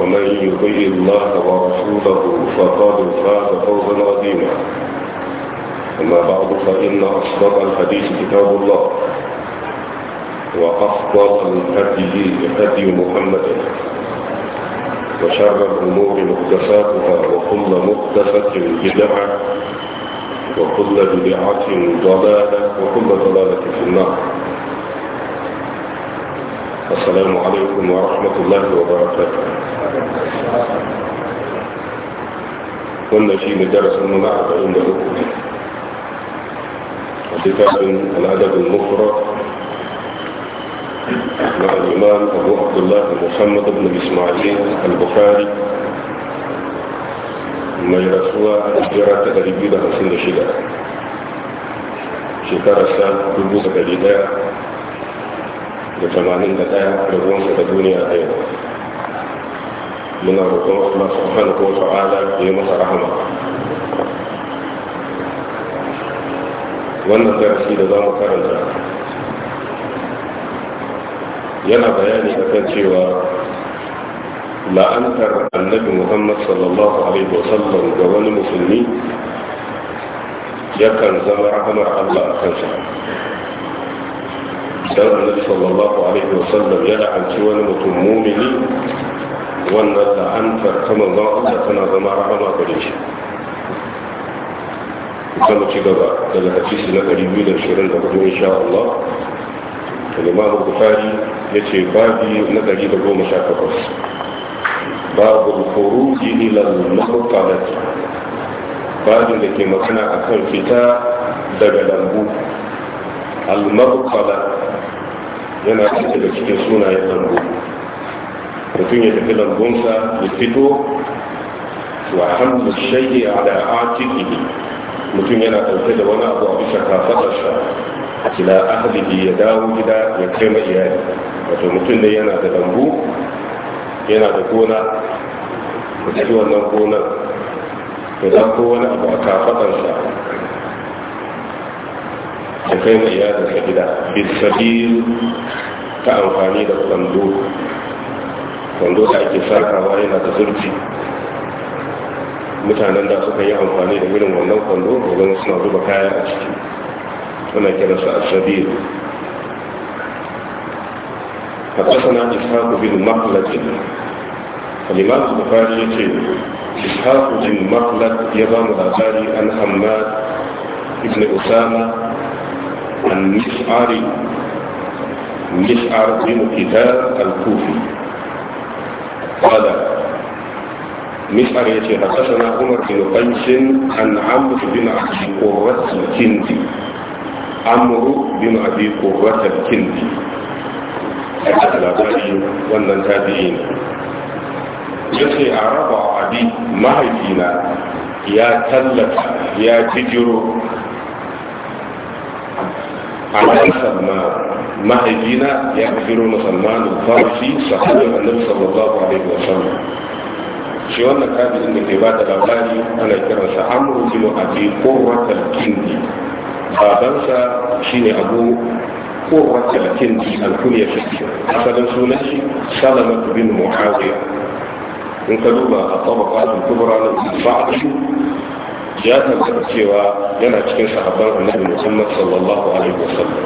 ومن يطيع الله ورسوله فقد فاز فوزا عظيما أما بعد فإن أصدق الحديث كتاب الله وأفضل الهدي هدي محمد وشر الأمور مقدساتها وكل مقدسه بدعة وكل بدعة ضلالة وكل ضلالة في النار السلام عليكم ورحمة الله وبركاته كنا في الدرس المنعب عند لكم كتاب الأدب المفرد مع الإمام أبو عبد الله محمد بن إسماعيل البخاري mai rasuwa a jira ta 256 shekarar sa 1900 لثمانين دقائق رضوان في الدنيا أيضا من الرسول الله سبحانه وتعالى في مصر رحمه وانا في رسيد الله مكرم ينا بياني أفنشي و لا أنكر النبي محمد صلى الله عليه وسلم جواني مسلمين يكن زمر عمر الله أفنشي dan annabi sallallahu alaihi wasallam ya la'anci wani mutum mumini wannan la'antar ta manzon Allah tana zama rahama gare shi zama ci gaba daga hadisi na 224 insha Allah الإمام البخاري يتي بابي نتجي بقوة مشاكفة باب الخروج إلى المقطلة باب لكي مكان أكون فتاة دبلنبو المقطلة yana daga cikin sunayen lambu mutum ya tafi lambunsa ya fito wa hamdu shayi ala atiki mutum yana ɗauke da wani abu a bisa kafaɗarsa ila ahlihi ya dawo gida ya kai ma iyali wato mutum ne yana da lambu yana da gona a ci wannan gonar ya ɗauko wani abu a kafaɗarsa da kai ma iyalinsa gida bisabil ta amfani da kwando kwando da ake sarkawa yana da zurfi mutanen da suka yi amfani da irin wannan kwando wajen suna zuba kaya a ciki suna su asabil حدثنا إسحاق بن مخلد الإمام البخاري يقول إسحاق بن مخلد يضم الأخبار عن حماد بن أسامة المشعري مشعر بن كتاب الكوفي قال مشعر يتي حدثنا عمر بن قيس عن عمرو بن ابي قرة الكندي عمرو بن ابي قرة الكندي هذا الأباري وأن تابعين يتي عرب عبي مهدينا يا تلت يا تجر على ya مهجينا يغفرون سلمان الفارسي صحابة النبي صلى الله عليه وسلم shi wannan kafin da ke ba da labari ana kiransa amru bin abi qurratul kindi babansa shine abu qurratul kindi alkunya shi asalin sunan shi salama bin muawiya in ka duba a da kubra na ba'd ya tabbata cewa yana cikin sahabban annabi musamman sallallahu alaihi wasallam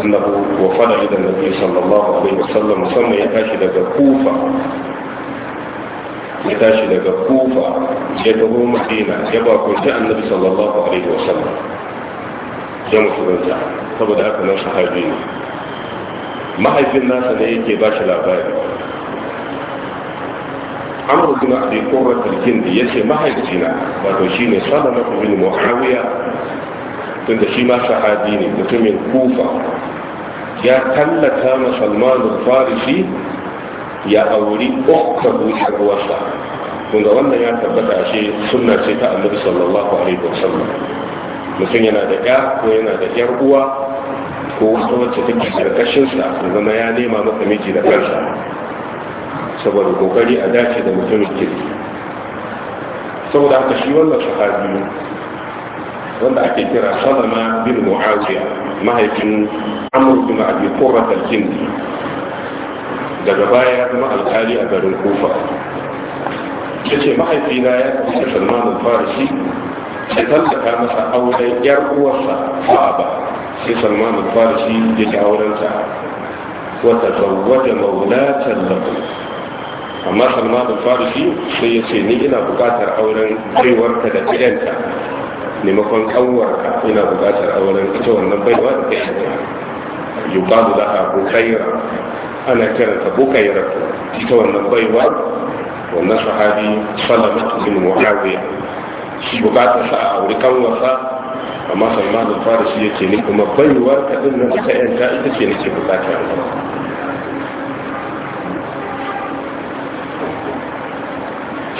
annahu wa fada idan nabi sallallahu alaihi wasallam musamman ya tashi daga kufa ya tashi daga kufa ya taho madina ya ba kunshi annabi sallallahu alaihi wasallam ya musulunta saboda haka nan sahabi ne mahaifin nasa ne yake ba shi labari amru bin abi qurrat al-kindi yace mahaifina wato shine salama bin muawiya tunda shi ma sahabi ne mutumin kufa ya tallata ma salman al-farisi ya auri ukka bushar wasa kunga wannan ya tabbata shi sunna ce ta annabi sallallahu alaihi wasallam mutum yana da ya ko yana da yar uwa ko wata wacce take karkashin zama ya nema maka miji da kansa saboda kokari a dace da mutumin kirki saboda haka shi wannan shahadi wanda ake kira salama bin mu'awiya mahaifin amur bin abi qurrat al-kindi daga baya ya zama alkali a garin kufa ya ce mahaifina ya kasance salman al-farisi sai tallaka masa auren yar uwarsa fa'aba sai salmanin farashi ya ji aurenta wata zauwa da maulatan lahu amma salman al-farisi sai ya ce ni ina buƙatar auren baiwarka da kayanta maimakon kanwarka ina buƙatar auren ita wannan baiwa da kayanta yubabu da ha bukaira ana kiranta bukaira ita wannan baiwa wannan sahabi salamatu bin muawiya shi bukatar sa a aure kanwarsa amma salman al ya ce ni kuma baiwar ka din nan ta yanta ita ce nake bukata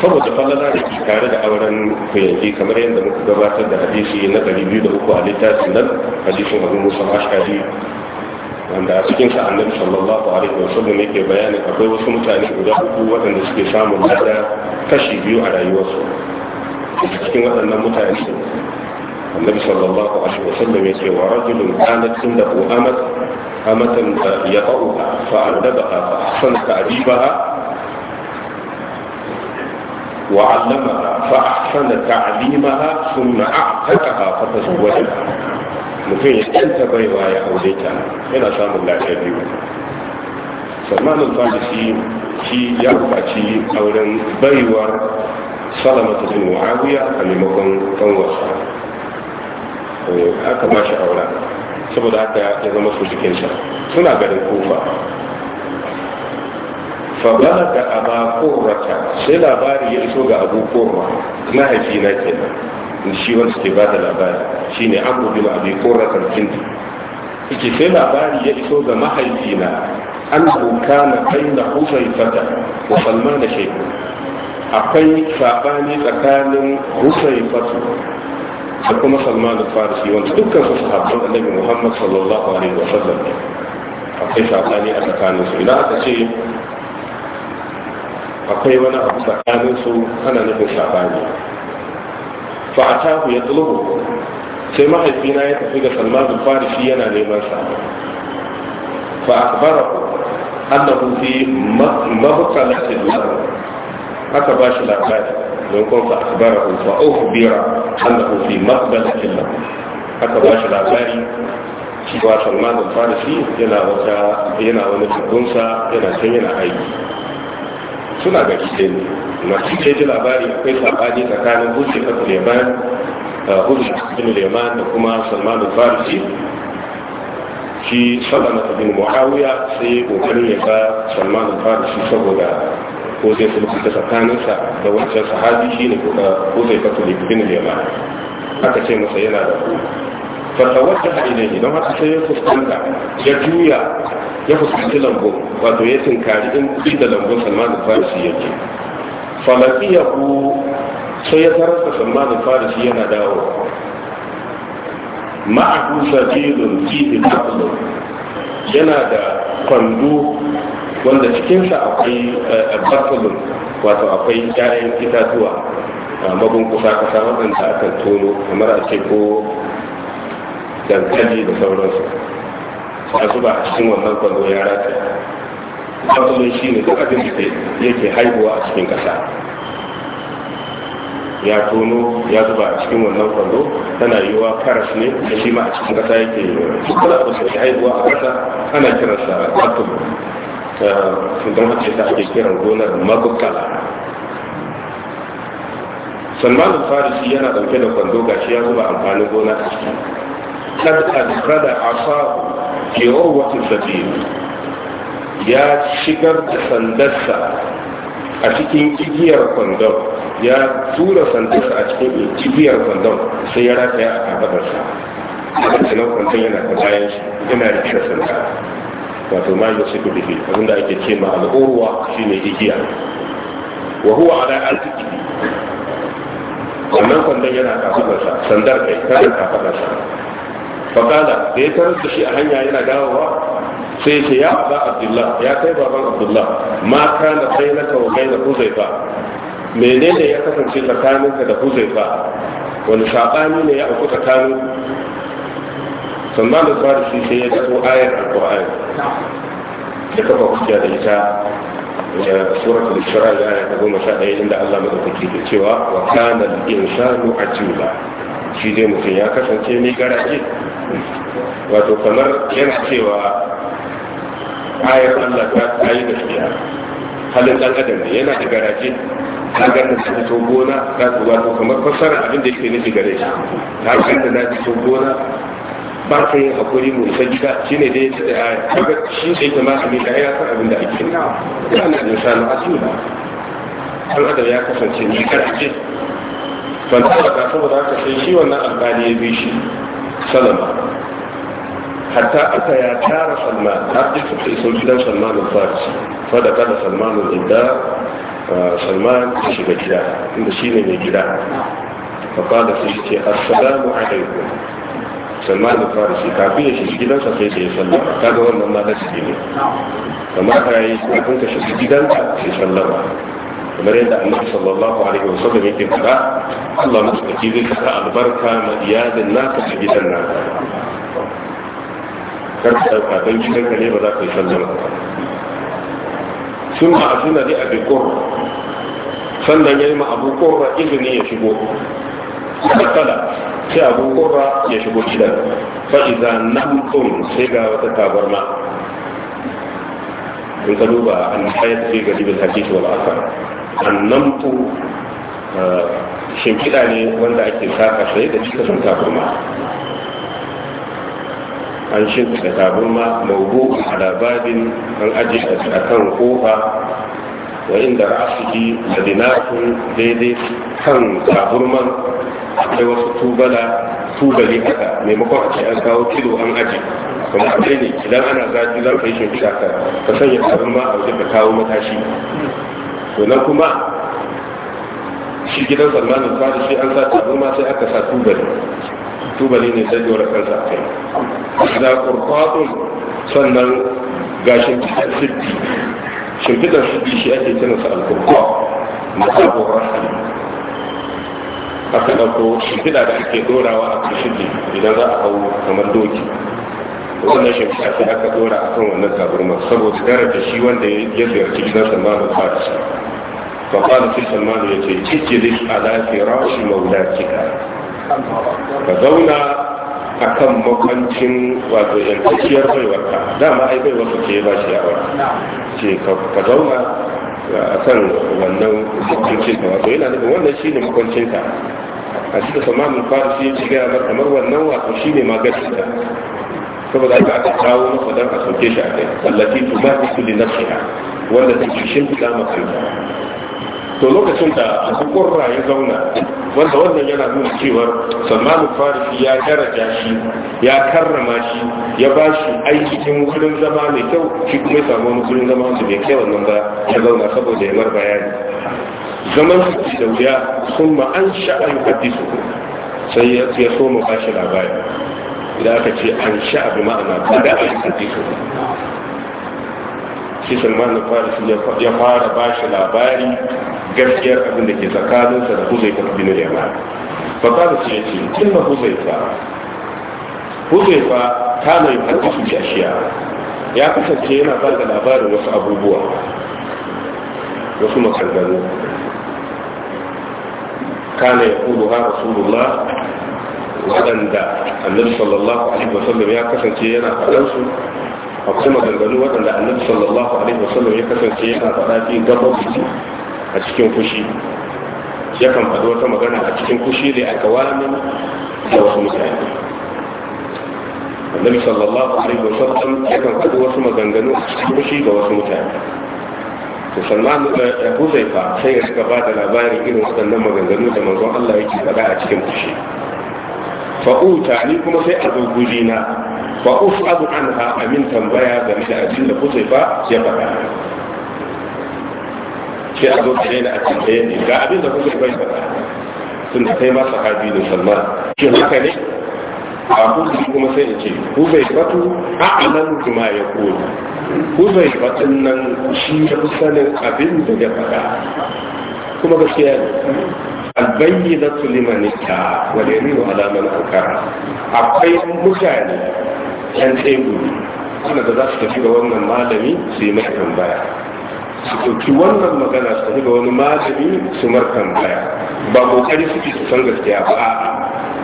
saboda falala da ke tare da auren kuyanki kamar yadda muka gabatar da hadisi na ɗari biyu da uku a littafin nan hadisin abu musa ashari wanda a cikin sa annabi sallallahu alaihi wasallam yake bayanin akwai wasu mutane guda uku waɗanda suke samun lada kashi biyu a rayuwarsu cikin waɗannan mutane annabi sallallahu alaihi wasallam yake wa rajulun kanat indahu amat amatan da yaqaha fa adaba fa ahsana ta'dibaha وعلمها فأحسن تعليمها ثم أعتقها فتزوجها mutum ya ɗanta baiwa ya aure ta yana samun lafiyar biyu salmanin farisi shi ya buƙaci auren baiwar salamata bin mu'awiya a maimakon wasa aka ba shi aura saboda haka ya zama su jikinsa suna garin kofa fabala da aba korata sai labari ya iso ga abu korma mahaifi na kenan shi wanda suke ba da labari shine an gudu na abu korata kindi yake sai labari ya iso ga mahaifi na an buka na kai na husai fata wa salma da shaiku akwai saɓani tsakanin husai fata da kuma salman da farisi wanda dukkan su sahabban annabi muhammad sallallahu alaihi wa sallam akwai saɓani a tsakaninsu idan aka ce akwai wani abu tsakanin su ana nufin sabani fa atahu ya tulubu sai mahaifina ya tafi ga salman al-farisi yana neman sa fa akbarahu annahu fi mabqalatin lahu aka ba shi labari don kuma fa akbarahu fa na annahu fi mabqalatin lahu aka ba shi labari cewa salman al-farisi yana yana wani tukunsa yana can yana aiki suna ga kike ne masu ke ji labari akwai sabani tsakanin hujji ta suleiman uh, hujji suleiman da kuma salman farisi shi salama ta bin muawiya sai kokarin ya sa salman farisi saboda ko zai sulhu ta tsakaninsa da wancan sahabi shi ne ko uh, zai fasu bin liman aka ce masa yana da ku fatawarta a ne idan haka sai ya fuskanta ya juya ya fuskanci lambu wato ya tinkari in da lambun salman al-farisi ya ke. ku sai ya tarar da salman al-farisi yana dawo ma'ahu sajidun fihi qablu yana da kwando wanda cikinsa akwai barkulun eh, wato akwai ƴaƴan itatuwa a magun kusa kusa waɗanda aka tono kamar a ce ko dankali da sauransu ya zuba a cikin wannan kwallo ya rata matsalin shi ne duk abin da yake haihuwa a cikin ƙasa ya tono ya zuba a cikin wannan kwallo tana yiwuwa karas ne da shi ma a cikin ƙasa yake yi dukkan abin da yake haihuwa a ƙasa ana kiransa sun don haka ta ake kiran gonar magukala sanmanin farisi yana ɗauke da kwando gashi ya zuba amfanin gona a ciki rada a asahu ke wata sabiru ya shigar da sandarsa a cikin igiyar kwandon ya tura sandarsa a cikin igiyar kwandon sai ya ya a gabarsa a cikin kwandon yana ta bayan shi yana da kira sanda wato ma yi su kudu abinda ake ce ma al'uruwa shi ne igiya wa huwa ala arziki wannan kwandon yana kafadarsa sandar kai tana kafadarsa fakala da ya tarar da shi a hanya yana dawowa sai ya ce ya ba abdullah ya kai baban abdullah ma kana sai na kawo gaina huzaifa menene ya kasance tsakaninka da huzaifa wani saɓani ne ya auku tsakanin sannan da tsari shi sai ya zato ayar alƙur'ani da kafa hujja da ita da suratul isra ya ayata goma sha ɗaya inda Allah madaukaki da cewa wa kana al-insanu ajula shi dai mutum ya kasance ni garaje wato kamar yana cewa ayar Allah ta yi gaskiya halin ɗan adam ne yana da garaje ta ganda ta fito gona ta wato kamar fasara abin da yake nufi gare shi ta ganda na fito gona ba ta yin hakuri mu isa gida shi ne dai ta kaga shi sai ta malami da ya san abin da ake na da insanu asila Ɗan adam ya kasance ni kar ce ban ta ba saboda haka sai shi wannan alƙali ya bi shi salama hatta aka ya tara salman har duk suka iso gidan salman al-farisi sadaka da salman al-idda uh, salman ya shiga gida inda shi ne mai gida faƙada su shi ce assalamu alaikum salman al-farisi kafin ya shiga gidansa sai sai sallama kaga wannan ma nasi ne kamar ka yi kafin ka shiga gidanka sai sallama kamar yadda annabi sallallahu alaihi wasallam yake faɗa Allah masauki zai sa albarka ma iyalin naka a gidan naka kar ka dauka don gidanka ne ba za ka yi sallar ba sun ma'azuna ne a bikon sannan ya yi ma abu korra izini ya shigo Kala sai abu korra ya shigo gidan fa'iza namtun sai ga wata tabarma in ka duba an hayar sai ga jibin hakiki wal asar annamtu uh, shimfiɗa ne wanda ake saka sai da cika sun takurma an shimfiɗa takurma maudu a labarin an aji a kan kofa wa inda ra'asiki da dinakun daidai kan takurman akwai wasu tubala tubali haka maimakon a ce an kawo kilo an aji kuma a ne idan ana zafi za ka yi shimfiɗa ka sanya takurma a wajen da kawo matashi to nan kuma shi gidan salmanin fari shi an sa tabarma sai aka sa tubali tubali ne sai yawar kansa a kai da kurkwaɗin sannan gashin kitan sirki shimfiɗar sirki shi ake sa alkurkwa na sabon rahali aka ɗauko shimfiɗa da ake ɗorawa a kan shirki idan za a hau kamar doki wannan shimfiɗa sai aka dora kan wannan tabarma saboda da shi wanda ya ziyarci gidan salmanu farisi ba qala sai salmanu shi alafi rashi maula maulatika ka zauna akan makwancin wato yantacciyar baiwarka dama ai baiwar ce ba shi yawa ce ka zauna akan wannan makwancin wato yana nufin wannan shine ka. a cikin samanin farisi ya ci gaya kamar wannan wato shine magasinka saboda ka aka kawo maka dan a sauke shi a kai su tubahisu li nafsiha wanda shin shimfiɗa ma kanta to lokacin da abu kurra ya zauna wanda wannan yana nuna cewa salman farisi ya daraja shi ya karrama shi ya ba shi aiki cikin wurin zama mai kyau shi kuma ya samu wani wurin zama wanda bai kai wannan ba ya zauna saboda ya mar bayani zaman su da wuya sun an sha'ayu hadisu sai ya so mu ba shi labari idan aka ce an sha'a bi ma'ana ba da ake hadisu shi salman al-farisi ya fara ba shi labari gaskiyar abin da ke tsakaninsa da huzaifa bin yaman fa kada ce yace inna huzaifa huzaifa ta mai hadisu jashiya ya kasance yana ba da labarin wasu abubuwa wasu makanganu kana ya kudu ha rasulullah waɗanda annabi sallallahu alaihi wasallam ya kasance yana faɗan su akwai maganganu waɗanda annabi sallallahu alaihi wasallam ya kasance yana faɗa fi gaban a cikin fushi yakan faɗi wata magana a cikin kushi da a kawamin da wasu mutane annabi sallallahu alaihi wasallam yakan faɗi wasu maganganu a cikin fushi da wasu mutane to kusa da fa sai ya suka ba da labarin irin waɗannan maganganu da manzon Allah yake faɗa a cikin kushi. fa'uta ni kuma sai a zo gurina fa us'alu anha amin tambaya game da abin da kusa ba ya faɗa sai a zo gare ni a tambaye yanzu. ga abin da kusa ba ya faɗa sun da kai ma sahabi da salman shin haka ne a kusa kuma sai in ce ku bai batu a anan kuma ya koyi ku bai batun nan shi ya fi sanin abin da ya faɗa kuma gaskiya ne albayyinatu liman ita wal wani ala man ankara akwai mutane yan tsegu suna da za su tafi ga wannan malami su yi mai tambaya su ɗauki wannan magana su tafi ga wani malami su mar tambaya ba kokari suke su san gaskiya ba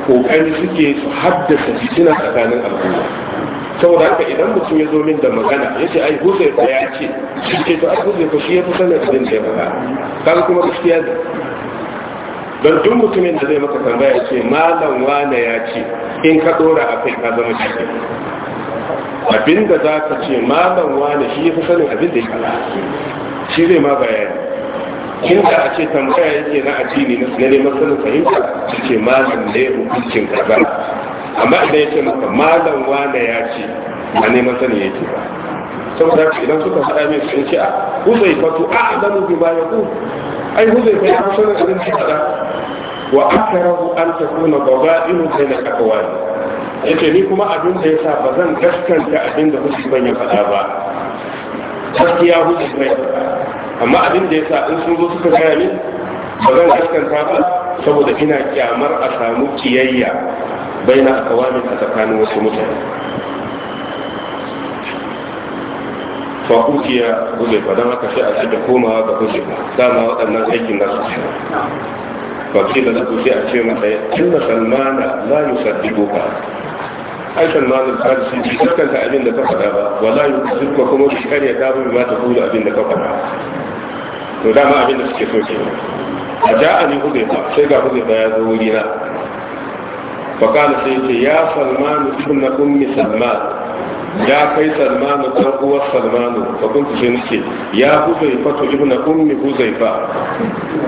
kokari suke su haddasa fitina tsakanin al'umma saboda haka idan mutum ya zo min da magana ya ce ai huzai ya ce shi ke to ai huzai ko shi ya fi sanar da ya faɗa kaga kuma gaskiya ne don duk mutumin da zai maka tambaya ce malam wane ya ce in ka dora a kai ka zama shi abinda za ka ce malam wane shi ya fi abin da ya kala shi zai ma bayani kin da a ce tambaya yake na addini na ne masanin fahimta su ce malam ne hukuncin kaza amma idan ya ce maka malam wane ya ce a neman sani yake ba saboda idan suka faɗa min sun ce a ku zai fatu a zamu bi ba ya ku ai huzaifa ya sanar abin da kaɗa. wa akarahu an takuna baba'iru bayna aqwali yace ni kuma abin da ya sa ba zan gaskanta abin da ban ya faɗa ba gaskiya kai, amma abin da ya sa in sun zo suka gaya min ba zan gaskanta ba saboda ina kyamar a samu kiyayya bai na ƙaƙa wani a tsakanin wasu mutane fa ukiya huzaifa don haka sai a ci da komawa ga huzaifa dama waɗannan aikin nasu ce fa kila da sai a ce masa ya inna salmana la yusaddiqu ba ai salmanu al-farisi bi kaskanta abin da ka faɗa ba wala yusaddiqu kuma bi kariya ta bi ma ta kula abin da ka faɗa to dama abin da suke so ke a ja'ani huzaifa sai ga huzaifa ya zo wurina fa kana sai ce ya salmanu ibn ummi salman ya kai salmanu ɗan uwar salmanu fa kuntu sai nace ya huzaifa to ibn ummi huzaifa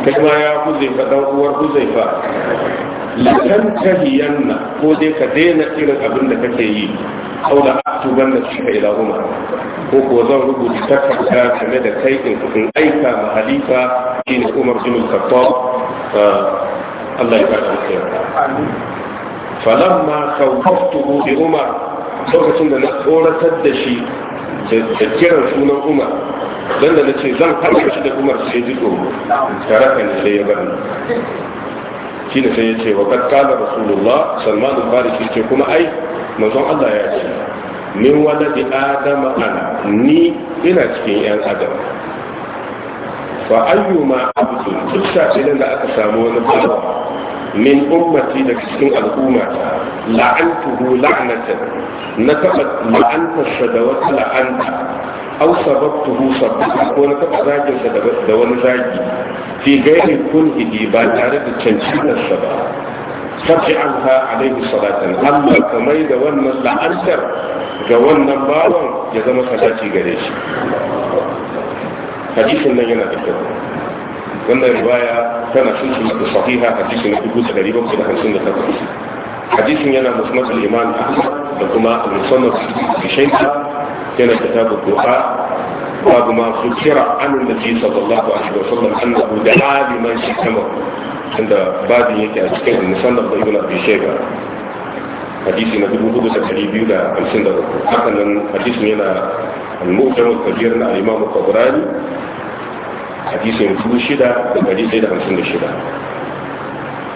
kai ma ya huzaifa ɗan uwar huzaifa latantahiyanna ko dai ka daina irin abin da kake yi sau da tuban da suka ila umar ko ko zan rubuta takarda game da kai in aika ma halifa shine umar bin khattab ah, Allah ya kada mu falamma kawwaftuhu bi umar lokacin da na tsoratar da shi da kiran sunan umar don da na ce zan haɗa shi da umar sai ji tsoro tare da sai ya bani shi ne sai ya ce wa kakkala rasulullah salman al-farisi ce kuma ai manzon allah ya ce min waladi adama ana ni ina cikin yan adam fa ayyuma abdu duk sa'ilin da aka samu wani bawa min ummati daga cikin al'umma hu la'natan na taɓa la'anta da wata la'anta aw sababtuhu sababta ko na taɓa zagin da wani zagi fi gairi kunhihi ba tare da cancantar sa ba فاجعلها wannan صلاة أما كما إذا ون لأنتر جوان نباوا يزم صلاتي قريش حديث النجنة بكتب wannan riwaya tana cikin da sahiha hadisi na 1758 hadisin yana musnad al-imam ahmad da kuma al-musannad bishaita yana kitabu du'a babu ma sukira an annabi sallallahu alaihi wasallam annahu da'a liman shikama inda babin yake a cikin al-musannad da ibn abi shayba hadisi na 4253 hakanan hadisin yana al-mu'tamad kabir na al-imam al-qabrani hadisin dubu shida da ɗari ɗaya da hamsin da shida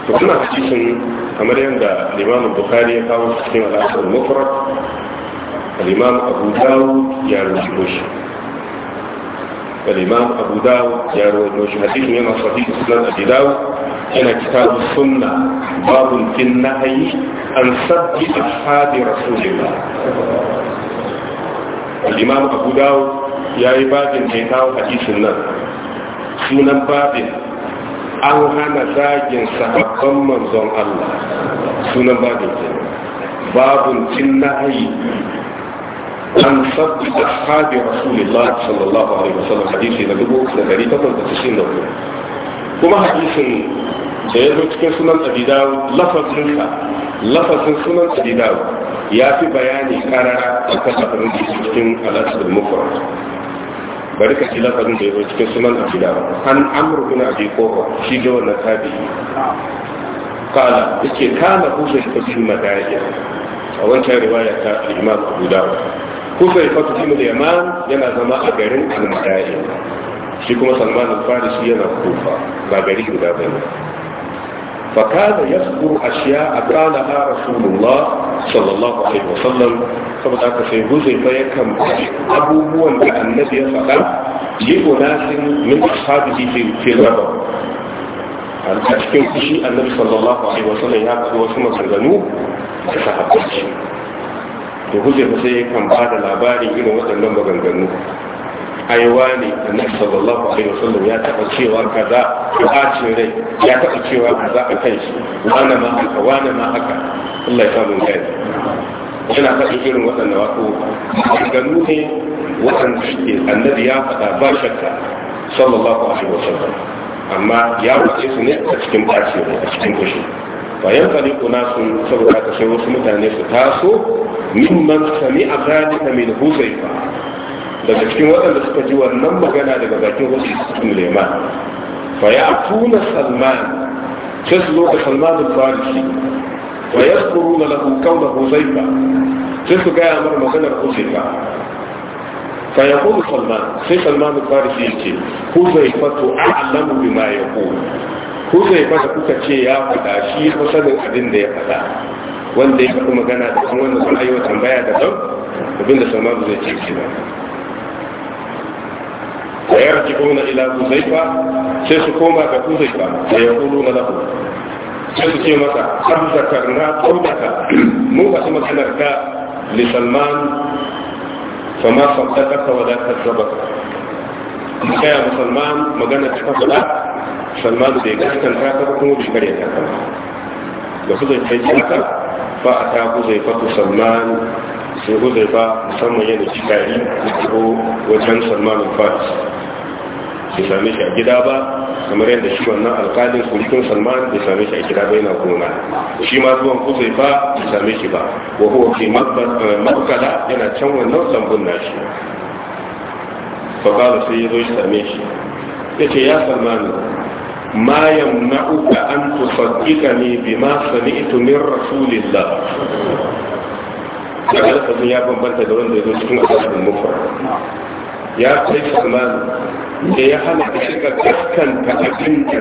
to kuma hadisin kamar yadda limamu bukhari ya kawo cikin al'asar mufrad الإمام أبو داود يروي نوشي الإمام أبو داود يروي نوشي حديث من صحيح سنن أبي داود هنا كتاب السنة باب في النهي عن سب أصحاب رسول الله الإمام أبو داود يا عباد كتاب حديث النبي sunan babin an hana zagin sahabban manzon Allah sunan babin ke babun cin nahayi an sabbi ashabi rasulullah sallallahu alaihi wasallam hadisi na dubu da dari takwas da tashin da hudu kuma hadisin da ya zo cikin sunan abidawu lafazinsa lafazin sunan abidawu ya fi bayani karara a kan abin cikin alasar mufarwa bari ka ji lafazin da ya zo cikin sunan abu dawud an amru bin abi kofa shi da wannan tabi'i kala yake kana kusai ta bin madaya a wancan riwaya ta imam abu dawud kusai fa ta yaman yana zama a garin al-madaya shi kuma salman al-farisi yana kufa ba gari guda bane فكان يذكر أشياء قالها رسول الله صلى الله عليه وسلم saboda haka sai huzaifa ya kan abubuwan da annabi ya faɗa yi gunasin min ashabihi fi raba a cikin kushi annabi sallallahu alaihi wasallam ya faɗi wasu maganganu da sahabbai to huzaifa sai ya kan ba da labarin irin waɗannan maganganu aiwa ne annabi sallallahu alaihi wasallam ya taba cewa kaza a rai ya taba cewa kaza a kan shi wani ma haka wani ma haka Allah ya samu gani yana faɗi irin waɗannan wato ganu ne waɗanda suke annabi ya faɗa ba shakka sallallahu alaihi wasallam amma ya faɗe su ne a cikin bacin ne a cikin fushi bayan ko kuna sun saboda ka sai wasu mutane su taso mimman sami a zalika min huzaifa daga cikin waɗanda suka ji wannan magana daga bakin wasu ibn leman fa ya atuna salman sai su zo ga salman al-farisi lahu huzaifa su maganar huzaifa fa salman sai salman al-farisi huzaifa to a'lamu huzaifa da kuka ce ya faɗa shi ko sanin abin da ya faɗa wanda ya faɗi magana da kuma wanda sun ayyuka tambaya da dan abinda salman zai ce ويرجعون إلى حذيفة سيسكوما كحذيفة سيقولون له سيسكوما قد ذكرنا قولك موسى ثم سنرجع لسلمان فما صدقك ولا كذبك يا مسلمان ما قالت فضلا سلمان بيقول لك انت تقوم بشكل يا فأتاه زيفة سلمان زيفة سلمان يعني شكاري وجن سلمان الفارس bai same shi a gida ba kamar yadda shi wannan alƙalin sulkin salman bai same shi a gida ba yana gona shi ma zuwan kusai ba bai same shi ba wa huwa fi mabkala yana can wannan sambun nashi fa qala sai zo shi same shi ya ce ya salman ma ka an tusaddiqani bima sami'tu min rasulillah daga lafazin ya bambanta da wanda ya zo cikin asalin mufar ya kai salman da ya hana ka shiga kaskanta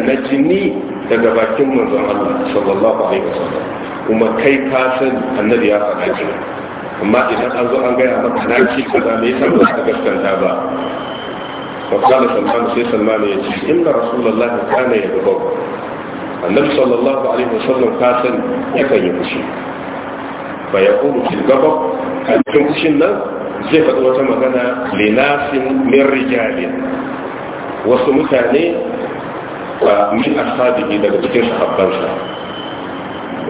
na jini daga bakin manzon Allah sallallahu alaihi wasallam kuma kai ka san annabi ya faɗa shi amma idan an zo an gaya maka na ci kaza me yasa ba ka gaskanta ba fa kana salman sai salman ya ce inna rasulullahi kana yadhab annabi sallallahu alaihi wasallam ka san yakan yi fushi fa yaqulu fil ghadab kan fushin nan zai faɗi wata magana linasin min wasu mutane min ashabihi daga cikin shahabbansa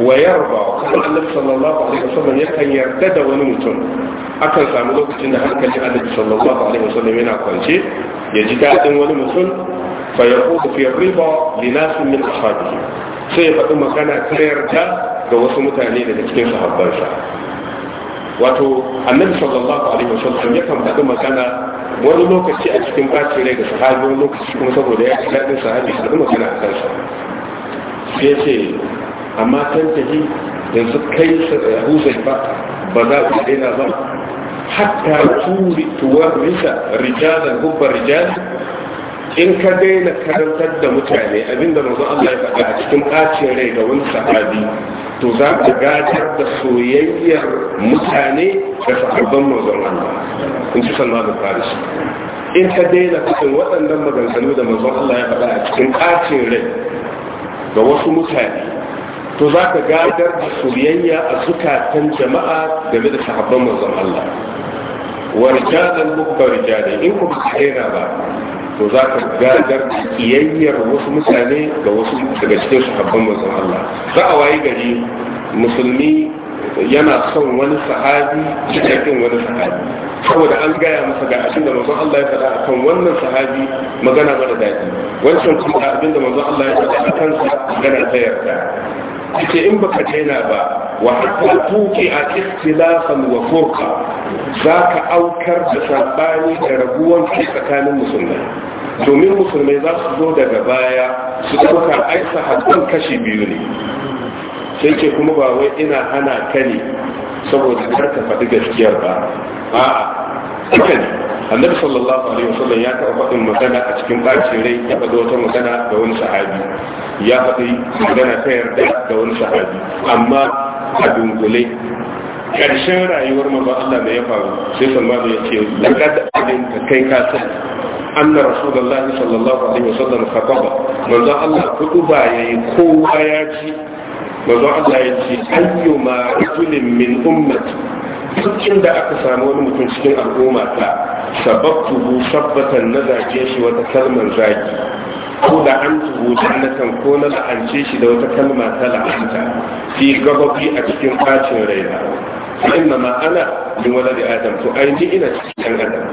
wa yarba kuma annabi sallallahu alaihi wasallam yakan yarda da wani mutum akan samu lokacin da hankali annabi sallallahu alaihi wasallam yana kwance ya ji dadin wani mutum fa yaqulu fi riba li nasin min ashabihi sai ya faɗi magana ta yarda ga wasu mutane daga cikin sa. wato annabi sallallahu alaihi wasallam yakan faɗi magana wani lokaci a cikin bacin rai ga sahabi wani lokaci kuma saboda ya ci daɗin sahabi su zama kana a kansa sai ce amma kan tantahi yanzu kai huzai ba ba za ku daina ba hatta turi tuwa risa rijalar gubbar rijalar in ka daina karantar da mutane abinda manzon Allah ya faɗa a cikin ɓacin rai ga wani sahabi to za ka gajar da soyayyar mutane da sahabban manzon Allah in ji salma da faris in ka daina cikin waɗannan maganganu da manzon Allah ya faɗa a cikin ɓacin rai ga wasu mutane to za ka gajar da soyayya a zukatan jama'a game da sahabban manzon Allah warjalan mukbar jari in ku ba ba to za ka gadar kiyayyar wasu mutane ga wasu daga cikin sahabban manzon Allah za a wayi gari musulmi yana son wani sahabi cikin wani sahabi saboda an gaya masa ga abin da manzon Allah ya faɗa kan wannan sahabi magana mara daɗi wancan kuma abin da manzon Allah ya faɗa akan sa magana ta yarda ake in baka daina ba wa hatta tuki a ikhtilafan wa furqa zaka aukar da sabani da rabuwan ki tsakanin musulmai domin musulmai za su zo daga baya su dauka aisa sahabban kashi biyu ne sai ke kuma ba wai ina hana ka ne saboda kar ka faɗi gaskiyar ba a'a haka ne annabi sallallahu alaihi wasallam ya taɓa faɗin magana a cikin ɓacin rai ya faɗi wata magana da wani sahabi ya faɗi magana ta yarda da wani sahabi amma a dunkule ƙarshen rayuwar manzon Allah da ya faru sai Salman ya ce abin alimta kai ka sani anna rasulullah sallallahu alaihi wa wasallam khataba manzon Allah kudu ba yayi kowa ya ci manzon Allah ya ce ayyuma rajulin min ummati duk inda aka samu wani mutum cikin al'umma ta sababtu sabbatan na zage shi wata kalmar zaki ko da an tuhu jannatan ko na la'ance shi da wata kalma ta la'anta fi gababi a cikin bacin raina inna ma ana min waladi adam to ina cikin adam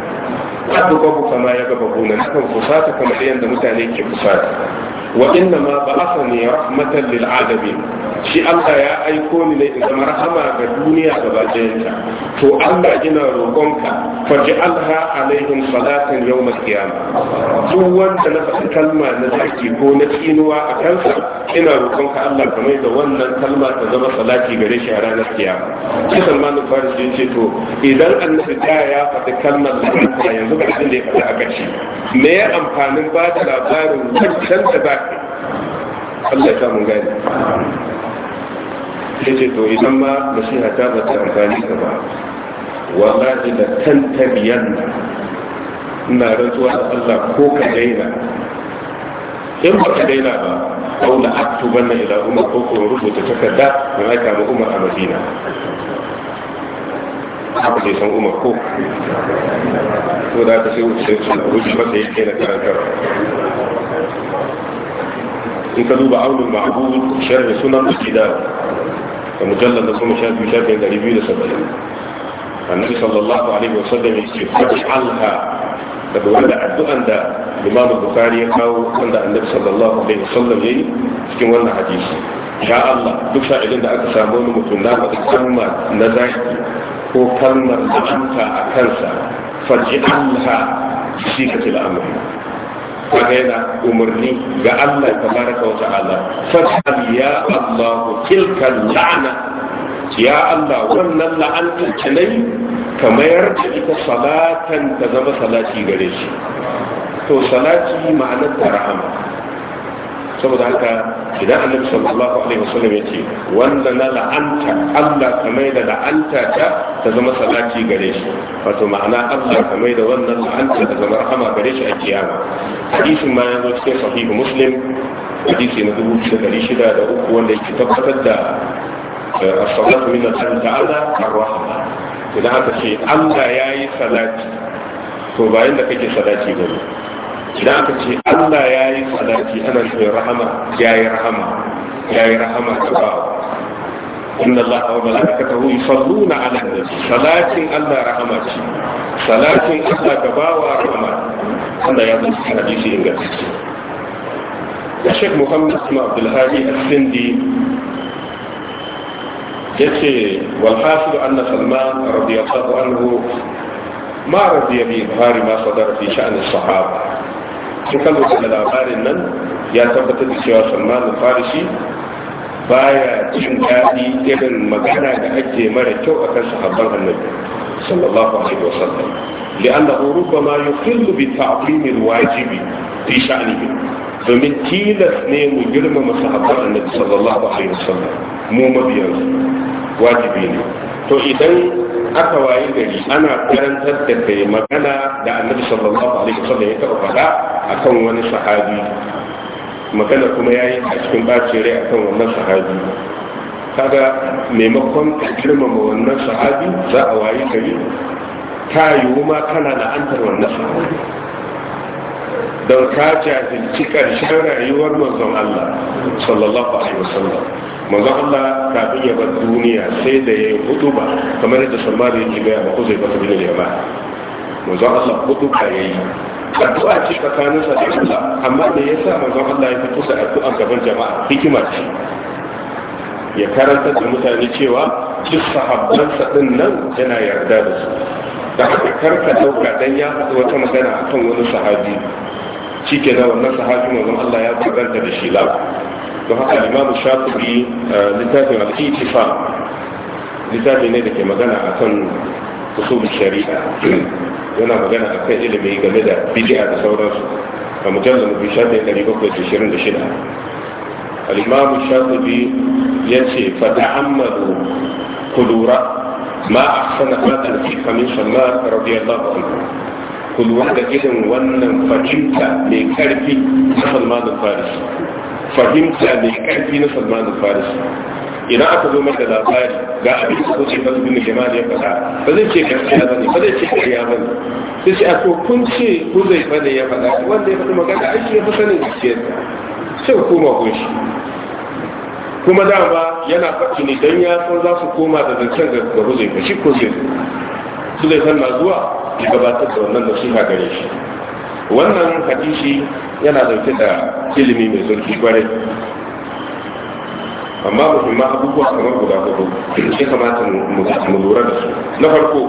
babu babu kama ya gaba gona nakan fusata kamar yadda mutane ke fusata wa inna ma ba'atha rahmatan lil alamin shi Allah ya aiko ni ne in zama rahama ga duniya ga ɗayanta to Allah ina roƙonka alha alaihim salatan yawm al-qiyamah duk wanda na faɗi kalma na zaki ko na tsinuwa a kansa ina roƙonka Allah ka mai da wannan kalma ta zama salati gare shi a ranar kiyama shi Salman al-Farisi ya ce to idan annabi ta ya faɗi kalma da yanzu ba abin da ya faɗi a gaci me ya amfanin ba da labarin wancan da ba Allah ya mun gani ya ce to idan ma nasiha ta ba ta amfani ka ba wallahi da tantabiyan ina rantsuwa da Allah ko ka daina in ba ka daina ba au la aktubanna ila umar ko ko rubuta takarda da aika mu umar a Madina haka bai san umar ko Ko da ta sai wuce sai su rubuta masa yake na karantar انكذوب عون المحبوب شر سنن الكتاب ومجلد صوم شاب شاب عند ابي النبي صلى الله عليه وسلم يقول اجعلها تبو عند عبد عند الامام البخاري او عند النبي صلى الله عليه وسلم في كم حديث شاء الله duk sa'idin da aka samu wani mutum na faɗi kalmar na zaki ko kalmar da a kansa faji an ha shi ka ce da amma kaga umurni ga Allah tabaraka wa ta'ala fa'al ya Allah tilka la'ana ya Allah wannan la'anta ta nayi ka mayar da ita salatan ta zama salati gare shi to salati ma'anar ta rahama saboda haka idan annabi sallallahu alaihi wasallam ya ce wanda na la'anta Allah ka da la'anta ta ta zama salati gare shi wato ma'ana Allah ka da wannan la'anta ta zama rahama gare shi a kiyama hadisin ma ya zo cikin sahihu muslim hadisi na dubu da dari shida da uku wanda yake tabbatar da eh, as-salatu min Allah ta'ala ar-rahma idan aka ce Allah yayi salati to bayan da kake salati ba idan aka ce Allah yayi salati ana nufin rahama yayi rahama yayi rahama ta bawa إن الله وملائكته يصلون على النبي صلاة الله رحمة صلاة الله كباوة رحمة الله يقول في حديث إنجاز الشيخ محمد بن عبد الهادي السندي يتي والحاصل أن سلمان رضي الله عنه ما رضي بإظهار ما صدر في شأن الصحابة تكلم على الأبار النن يا سلمان الفارسي baya jin daɗi irin magana da ake mara kyau akan sahabban annabi sallallahu alaihi wasallam لأنه ربما يقل بتعظيم الواجب في شأنه domin tilas ne mu girmama sahabban annabi sallallahu alaihi wasallam mu mabiyansu wajibi ne to idan aka waye gari ana karantar da kai magana da annabi sallallahu alaihi wasallam ya taɓa faɗa akan wani sahabi magana kuma ya yi a cikin bacin rai akan wannan sahabi kaga maimakon ka ma wannan sahabi za a wayi gari ta yiwu ma kana la'antar wannan sahabi don ka jahilci ƙarshen rayuwar manzon Allah sallallahu alaihi wasallam manzon Allah kafin ya bar duniya sai da ya yi hudu ba kamar yadda salmari yake gaya ba ko zai bata bin yamma manzon Allah hudu ba yayi addu'a ce tsakanin sa da Allah amma da yasa manzon Allah ya fito da addu'a gaban jama'a hikima ce ya karanta da mutane cewa duk sahabbansa din nan yana yarda da su da haka karka dauka dan ya haɗu wata magana akan wani sahabi shi ke wannan sahabi manzon Allah ya karanta da shi lafiya don haka imamu shafi eh, littafin al-ittifaq littafi ne da ke magana akan usul shari'a yana magana a kan ilimi game da bid'a da sauransu a mujallar bi shafin 726 al-imam shafi'i yace fa ta'ammalu kulura ما أحسن هذا الفقه من سلمان رضي الله عنه كل واحد إذن ونن فهمت من كرفي سلمان الفارسي فهمت من كرفي سلمان الفارسي idan aka zo da labari ga abin da kuke fasu bin da ya faɗa ba zai ce gaskiya ba ne ba zai ce kariya ba ne sai ce a ko kun ce ku zai fa ya faɗa wanda ya faɗi magana aiki ya fi sanin gaskiyar sai koma kun shi kuma dama yana faɗi ne don ya san za su koma da zancen ga ku zai fashi ko zai su zai san na zuwa ya gabatar da wannan nasiha gare shi wannan hadisi yana dauke da ilimi mai zurfi kwarai amma muhimman abubuwa kamar guda hudu ya kamata mu lura da su na farko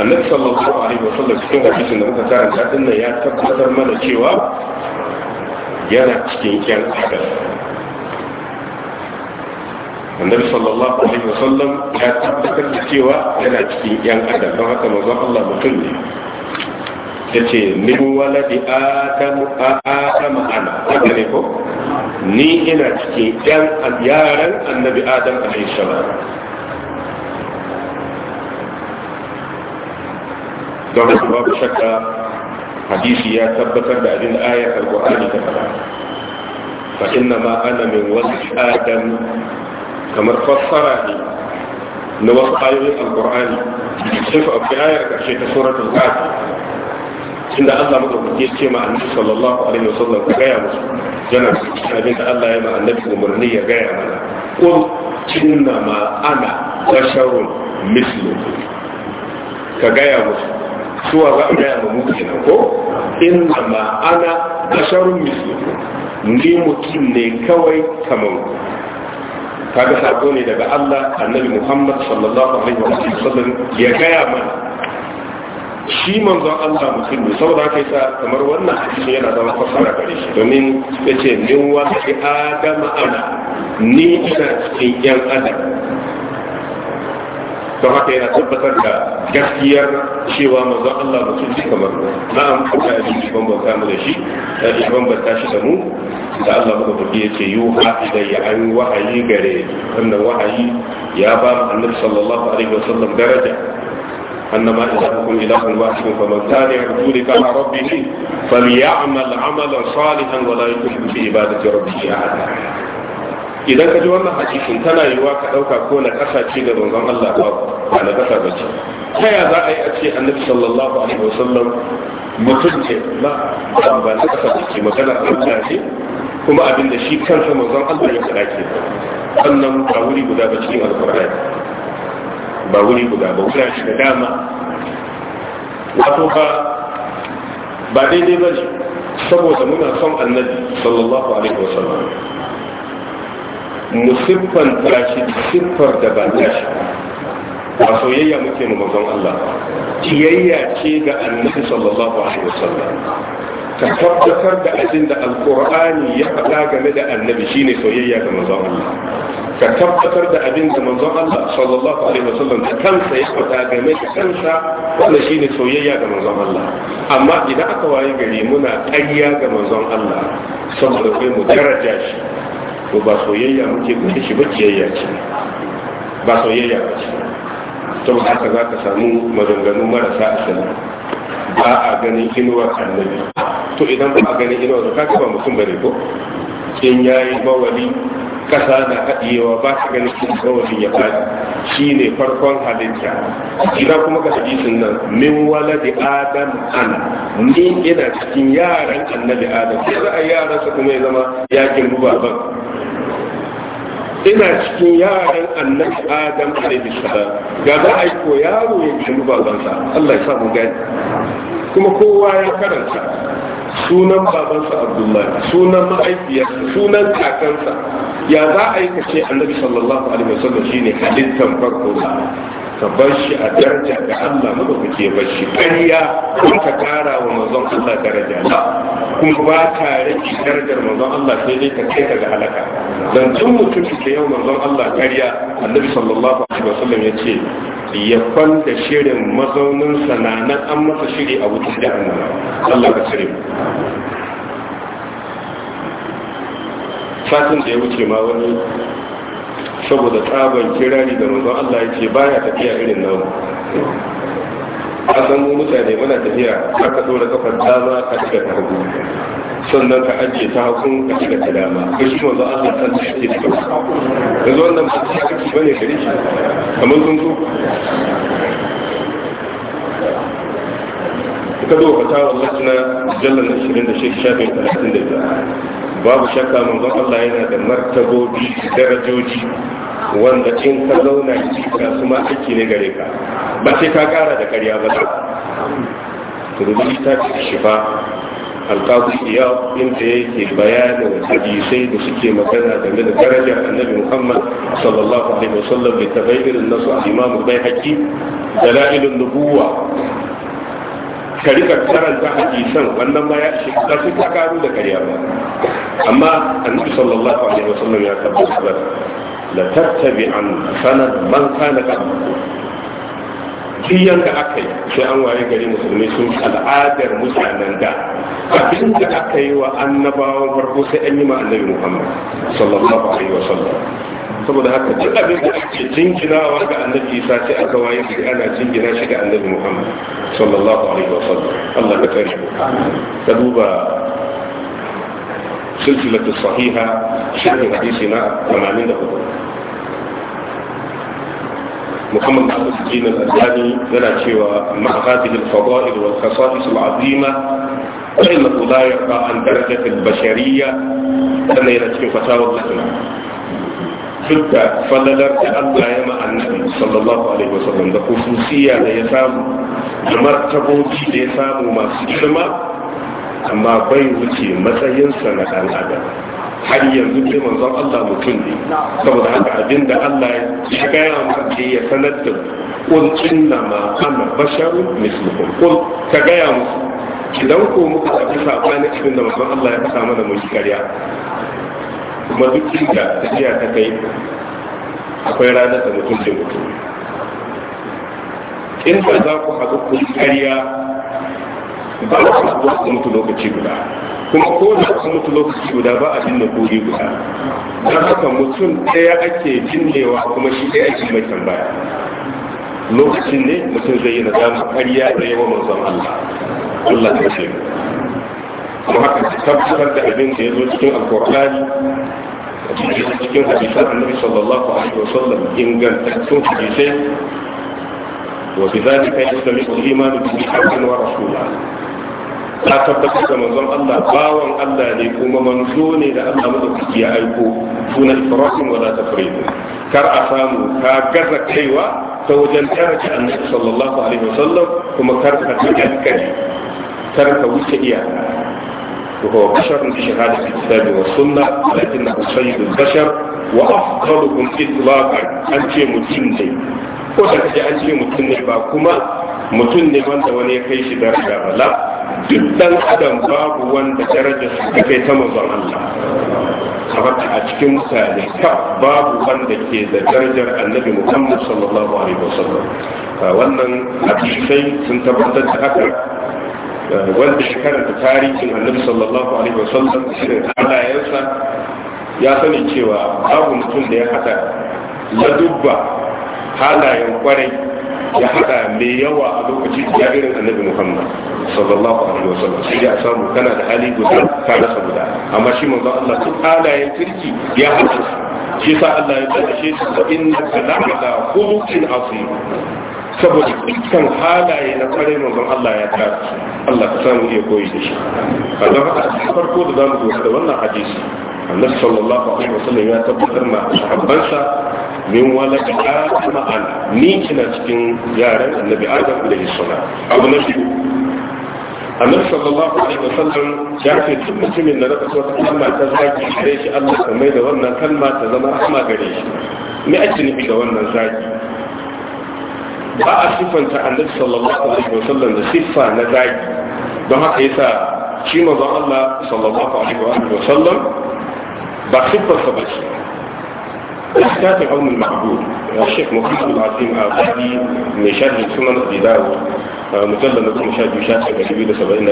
annabi sallallahu alaihi wa sallam cikin hadisin da muka karanta din nan ya tabbatar mana cewa yana cikin kyan adam annabi sallallahu alaihi wa sallam ya tabbatar da cewa yana cikin kyan adam don haka manzon Allah mutum ne yace min waladi adam adam ana haka ne ko ni ina cikin yan yaran annabi adam alaihi salam don haka babu shakka hadisi ya tabbatar da abin ayar alkur'ani ta fara fa inna ma ana min wasu adam kamar fassara ne na wasu ayoyin alkur'ani sai fa ayar karshe ta suratul qaf tunda Allah madaukaki ya ce ma annabi sallallahu alaihi wasallam ka gaya musu yana abin da Allah ya ma annabi umarni ya gaya mana ko inna ma ana basharun mislukum ka gaya musu suwa za a gaya ma mu kenan ko inna ma ana basharun mislukum ni mutum ne kawai kamar ku? kaga sako ne daga Allah annabi Muhammad sallallahu alaihi wasallam ya gaya mana shi manzo Allah mutum ne saboda haka yasa kamar wannan hadisi yana zama fasara gare shi domin yace min wasi adam ana ni ina cikin yan adam don haka yana tabbatar da gaskiyar cewa manzo Allah mutum ne kamar na'am kuma ya ji bambanta mu da shi ya bambanta shi da mu da Allah muka fadi yace yuha ilayya an wahayi gare wannan wahayi ya ba annabi sallallahu alaihi wasallam daraja أنما إلهكم إله واحد فمن كان يرجو لقاء ربه فليعمل عملا صالحا ولا يشرك بعبادة ربه أحدا idan ka ji wannan hadisin tana yiwa ka ɗauka ko na ƙasa ce ga manzon Allah ba ba na ƙasa ba ce ta ya za a yi a ce annabi sallallahu alaihi wasallam mutum ce ba ba ba na ƙasa ba ce magana ce kuma abin da shi kansa manzon Allah ya faɗa ke wannan ba wuri guda ba cikin alƙur'ani ba wuri guda ba wurare da dama wato ba ba daidai ba ne saboda muna son annabi sallallahu alaihi wasallam mu siffan tashi siffar da ba tashi ba soyayya muke mu manzon Allah kiyayya ce ga annabi sallallahu alaihi wasallam ka tabbatar da abin da alqur'ani ya faɗa game da annabi shine soyayya ga manzon Allah ka tabbatar da abin da manzon Allah sallallahu alaihi wasallam da kansa ya faɗa game da kansa wannan shine soyayya ga manzon Allah amma idan aka waye gari muna ƙarya ga manzon Allah saboda kai mu daraja shi to ba soyayya muke kuke shi ba kiyayya ce ba soyayya ba ce to haka za ka samu maganganu marasa asali ba a ganin inuwa annabi to idan ba a ganin inuwar ka ba mutum bane ko in yayi bawali kasa na haɗiyewa ba ta ganin cikin kawalin ya faɗi shi ne farkon halitta idan kuma ka hadisin nan min wala da adam an ni ina cikin yaran annabi adam ya za a yaran sa kuma ya zama ya girbi baban ina cikin yaran annabi adam alaihi salam ga za a yi ko yaro ya girbi babansa Allah ya sa gani kuma kowa ya karanta sunan babansa abdullahi sunan mahaifiyarsa sunan kakansa ya za a yi kace annabi sallallahu alaihi wasallam shine halittan farko ka bar shi a daraja ga Allah maka kuke bar shi ƙarya kuma ka kara wa mazan Allah daraja kuma ba ka rage darajar mazan Allah sai dai ka kai ka ga halaka dan tun mutum ke yau mazan Allah ƙarya annabi sallallahu alaihi wasallam ya ce ya kwanta shirin mazaunin sananan an masa shiri a wutar jahannama Allah ka cire fatin da ya wuce ma wani saboda tsaban kirari da manzon Allah ya ce baya tafiya irin nan a san mu mutane muna tafiya za ka dora kafar dama ka shiga ta hagu sannan ka ajiye ta hakun ka shiga ta dama ka shi manzo Allah san da yake da yanzu wannan ba ta kaci bane gare shi kamar sun so ka duba fatawa Allah suna jallan 26 shafin 35 babu shakka manzon Allah yana da martabobi darajoji wanda in ka zauna ka su ma aiki ne gare ka ba sai ka kara da karya ba ta turubi ta ce shi ba alƙaƙu iya inda yake bayanin hadisai da suke magana game da darajar annabi muhammad sallallahu alaihi wasallam da tabairin nasu imamu bai haƙi dala'ilun nubuwa ka rika karanta hadisan wannan ma ya ishe ka sai karu da kariya ba amma annabi sallallahu alaihi wasallam ya tabbata la tattabi an sanad man kana biyan da aka yi sai an waye gari musulmi sun al'adar mutanen da abin da aka yi wa annabawan farko sai an yi ma annabi muhammad sallallahu alaihi saboda haka duk abin da ake jinginawa ga annabi isa sai aka waye shi ana jingina shi ga annabi muhammad sallallahu alaihi wa sallam allah ka tsare ka duba silsilatu sahiha shirin hadisi na 84 محمد بن عبد الدين الألباني قال شيوا مع هذه الفضائل والخصائص العظيمة فإنه لا يرضى عن درجة البشرية كما يرى في فتاوى اللجنة duk da falalar da Allah ya annabi sallallahu alaihi wasallam da kususiya da ya samu da martaboji da ya samu masu girma amma bai wuce matsayinsa na dan adam har yanzu dai manzon Allah mutum ne saboda haka abin da Allah ya gaya mutum ya sanar da kun inna ma ana basharun mislukum kul ka gaya musu idan ko muka tafi sabanin abin da manzon Allah ya faɗa mana mu karya kuma duk inda tafiya ta kai akwai ranar da mutum da mutum in ba za ku haɗu kun karya ba za ku haɗu ku mutu lokaci guda kuma ko da ku mutu lokaci guda ba a binne kogi guda don haka mutum ɗaya ake binnewa kuma shi ɗaya ake mai tambaya lokacin ne mutum zai yi na zama karya da yawan manzon Allah Allah ta ce kuma haka su tabbatar da abin da ya zo cikin alkur'ani cikin hadisan annabi sallallahu alaihi wasallam ingantattun hadisai وبذلك يستمر الإيمان به حقا ورسولا لا تبدأ كما زم الله باوا الله ليكم منزون إلى أن مدك يا أيكو دون إفراط ولا تفريط كر أسام كاكز كيوا توجن درجة النبي صلى الله عليه وسلم كما كر كتجن كي كر كوش إياه وهو بشر بشهادة الكتاب والسنة لكنه سيد البشر وأفضلهم إطلاقا wanda wani ya kai shi daraja ba la duk dan adam babu wanda daraja su ta kai ta manzon Allah a a cikin mutane babu wanda ke da darajar annabi Muhammad sallallahu wannan hadisai sun tabbatar da haka wanda ya karanta tarihin annabi sallallahu alaihi wasallam da halayensa ya sani cewa babu mutum da ya hada ya dubba halayen kwarai ya hada mai yawa a lokaci ya irin annabi muhammad sallallahu alaihi wasallam sai ya samu kana da hali guda ka rasa guda amma shi manzo Allah duk halayen kirki ya hada shi sa Allah ya tsare shi innaka la'ala khuluqin azim saboda kan halaye na kwarai manzon Allah ya tara Allah ka samu iya koyi da shi a don haka farko da zamu gosa da wannan hadisi annabi sallallahu alaihi wasallam ya tabbatar ma sahabbansa min wala da adama an ni kina cikin yaran annabi adam alaihi salam abu na biyu annabi sallallahu alaihi wasallam ya ce duk mutumin da raka wata kalma ta zaki gare shi Allah ka mai da wannan kalma ta zama rahama gare shi me ake nufi da wannan zaki ba a siffanta annabi sallallahu alaihi wasallam da siffa na zaki don haka yasa shi manzon Allah sallallahu alaihi wa wasallam ba siffarsa ba ce الكاتب عون المعبود الشيخ محمد العظيم عبدي من شرح سنن ابي داود مجلد رقم شاد شاد كبير سبعين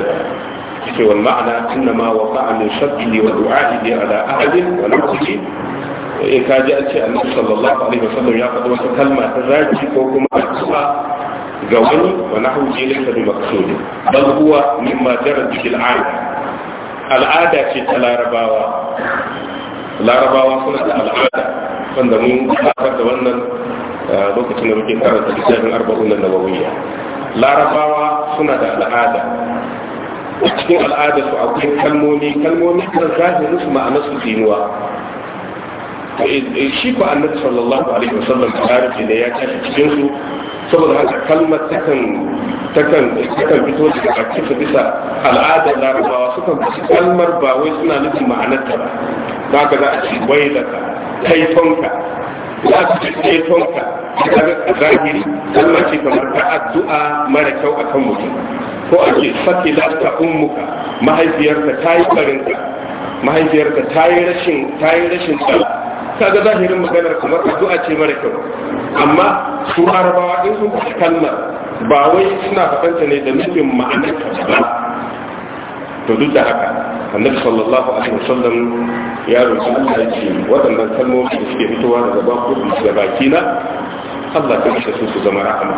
والمعنى انما وقع من شده ودعائه على احد ونفسه eh ka ji an ce annabi sallallahu alaihi wasallam ya faɗi wata kalma ta zaki ko kuma a addu'a ga wani wa nahwu ta bi maqsud bal huwa mimma jarat bihi al'ada al'ada ce ta larabawa larabawa suna da al'ada wanda mun kafa da wannan eh, lokacin da muke karanta littafin arba'un da nawawiyya larabawa suna da al'ada a cikin al'adarsu akwai kalmomi kalmomi kan zahirin su ma'anar su dinuwa Eh, shi ko annabi sallallahu alaihi wasallam tarihi da ya tashi cikin su saboda haka kalmar takan takan takan fito daga bakinsa bisa al'adar larabawa sukan fi kalmar ba wai suna nufin ma'anarta ba ba ka za a ce wailaka kaifonka za su ce ka daga zahiri kalma ce kamar ta addu'a mara kyau akan mutum ko ake sake lasta ummuka mahaifiyarka ta yi barinka mahaifiyarka ta yi rashin ta yi rashin tsala kaga zahirin maganar kamar addu'a ce mara kyau amma su arabawa in sun fi kalmar ba wai suna faɗanta ne da nufin ma'anar ba to duk da haka annabi sallallahu alaihi wasallam ya roƙi Allah ya ce waɗannan kalmomi da suke fitowa daga baku da baki na Allah ya kashe su su zama rahama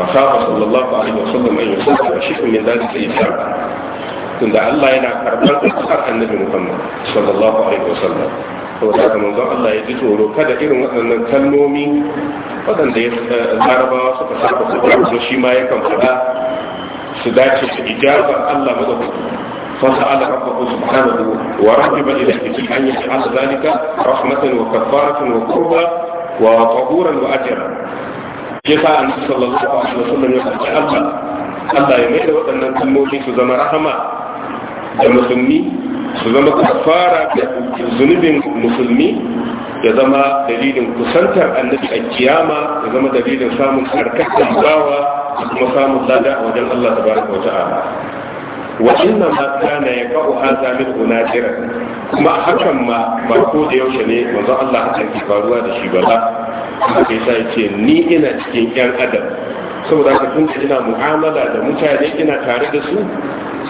fa sallallahu alaihi wasallam an yusalla shay'un min dalika ishaqa tunda Allah yana karɓar addu'ar annabi Muhammad sallallahu alaihi wasallam to da haka manzon Allah ya ji tsoro kada irin waɗannan kalmomi waɗanda ya larabawa suka saba su ko shi ma yakan faɗa su dace da ijabar Allah madaukaki فسأل ربه سبحانه ورغب إليه في أن يجعل ذلك رحمة وكفارة وقربة وطهورا وأجرا يسعى النبي صلى الله عليه وسلم يقول الله الله يميل وأن نسموه في زمن رحمه da musulmi su zama kafara da zunubin musulmi ya zama dalilin kusantar annabi a kiyama ya zama dalilin samun karkatar bawa kuma samun lada a wajen Allah tabaraka wa ta'ala wa inna ma kana yaqa'u hadha min unajira kuma hakan ma ba ko da yaushe ne manzo Allah hakan ke faruwa da shi ba ba sai sai ce ni ina cikin yan adam saboda haka tun ina mu'amala da mutane ina tare da su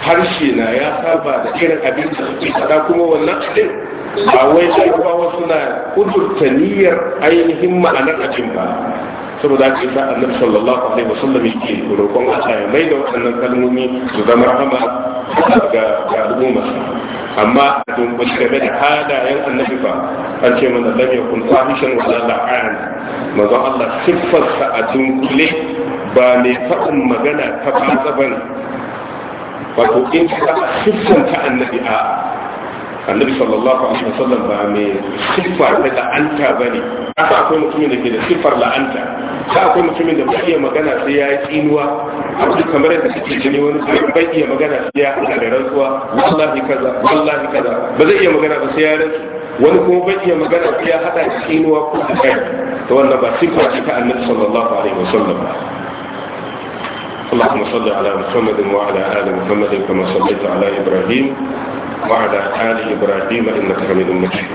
harshe na ya saba da irin abin da suke faɗa kuma wannan abin ba wai jarabawa suna kudurta niyyar ainihin ma'anar abin ba saboda haka yasa annabi sallallahu alaihi wasallam yake roƙon Allah ya mai da wannan kalmomi su zama rahama ga ga al'umma amma a dunkul game da halayen annabi fa an ce mana lam yakun fahishan wa la la'an manzon Allah siffarsa a dunkule ba mai faɗin magana ta ba ba ne Ba ko in ka siffanta annabi a annabi sallallahu alaihi wasallam ba mai siffa ta la'anta ba ne haka akwai mutumin da ke da siffar la'anta ta akwai mutumin da bai iya magana sai ya yi tsinuwa abu kamar yadda kake gani wani bai iya magana sai ya haɗa da rantsuwa wallahi kaza wallahi kaza ba zai iya magana ba sai ya rantsu wani kuma bai iya magana sai ya haɗa da tsinuwa ko da kai to wannan ba siffa ce ta annabi sallallahu alaihi wasallam ba اللهم صل على محمد وعلى ال محمد كما صليت على ابراهيم وعلى ال ابراهيم انك حميد مجيد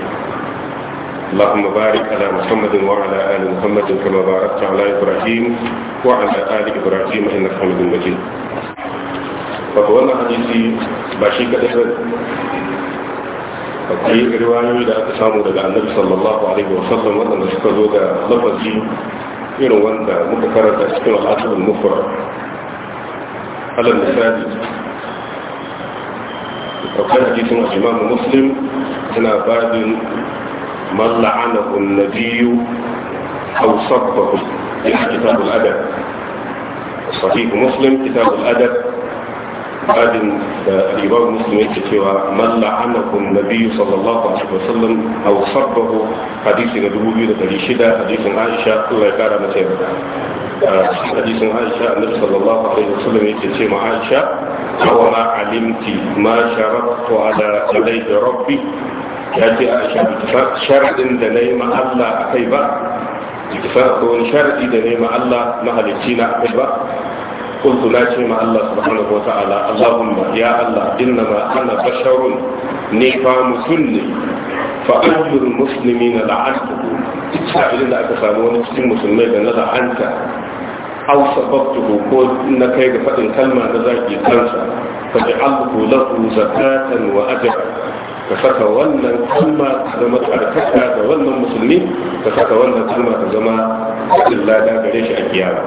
اللهم بارك على محمد وعلى ال محمد كما باركت على ابراهيم وعلى ال ابراهيم انك حميد مجيد فقولنا حديثي باشي كدهر أي رواية إلى أقسام لدى النبي صلى الله عليه وسلم وأن نشكر لدى لفظي في وأن مكفرة اسكن الأصل المفرد على المساجد وكان حديث الإمام مسلم هنا باب من لعنه النبي أو صبه يعني كتاب الأدب صحيح مسلم كتاب الأدب بعد الإمام مسلم يكتوى من لعنه النبي صلى الله عليه وسلم أو صبه حديث نبوي لتريشدة حديث عائشة الله يكرمك حديث عائشة النبي صلى الله عليه وسلم يقول عائشة وما علمت ما شرطت على يديك ربي يأتي عائشة باتفاق شرط دنيم الله كيف اتفاق شرط دنيم الله ما علمتنا كيف قلت لا شيء مع سبحانه وتعالى اللهم يا الله انما انا بشر نفام سني فأحب المسلمين لعنتكم. إن شاء الله إذا أتى سامون aw sababtuhu ko na kai ga faɗin kalma da zaki kansa fa ja'alhu lahu zakatan wa ajra ka saka wannan kalma ta zama tsarkaka ga wannan musulmi ka saka wannan kalma ta zama cikin lada gare shi a kiyama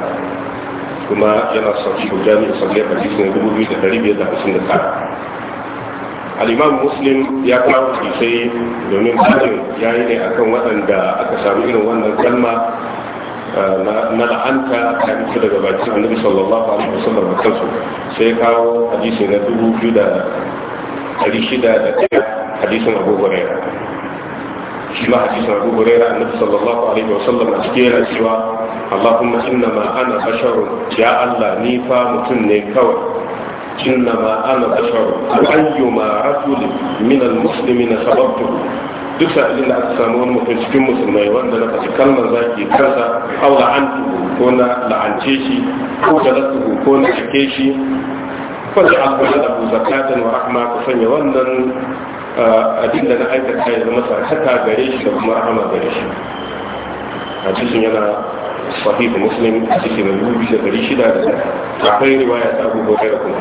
kuma yana sauki ko jami'in sauki a cikin dubu biyu da ɗari biyar da hamsin da tara al'imam muslim ya kawo sosai domin tsarin ya yi ne akan waɗanda aka samu irin wannan kalma na la'anta ta fito daga bakin annabi sallallahu alaihi wasallam kansu sai kawo hadisi na dubu biyu da ɗari shida da ɗaya hadisin abu huraira shi ma hadisin abu huraira annabi sallallahu alaihi wasallam a cikin yana cewa allahumma innama ana basharu. ya allah ni fa mutum ne kawai إنما أنا بشر أيما رجل من المسلمين سببته duk sa'ilin da aka samu wani mutum cikin musulmai wanda na faɗi kalmar zaki kansa au la'antu ko na la'ance shi ko da lasu ko na ake shi kwanci akwai da abu zakatan wa rahma ka sanya wannan abin da na aikata ya zama sarkata gare shi da kuma rahama gare shi hadisin yana sahih muslim a cikin rubuci da dari shida da akwai riwaya ta abu gobe da kuma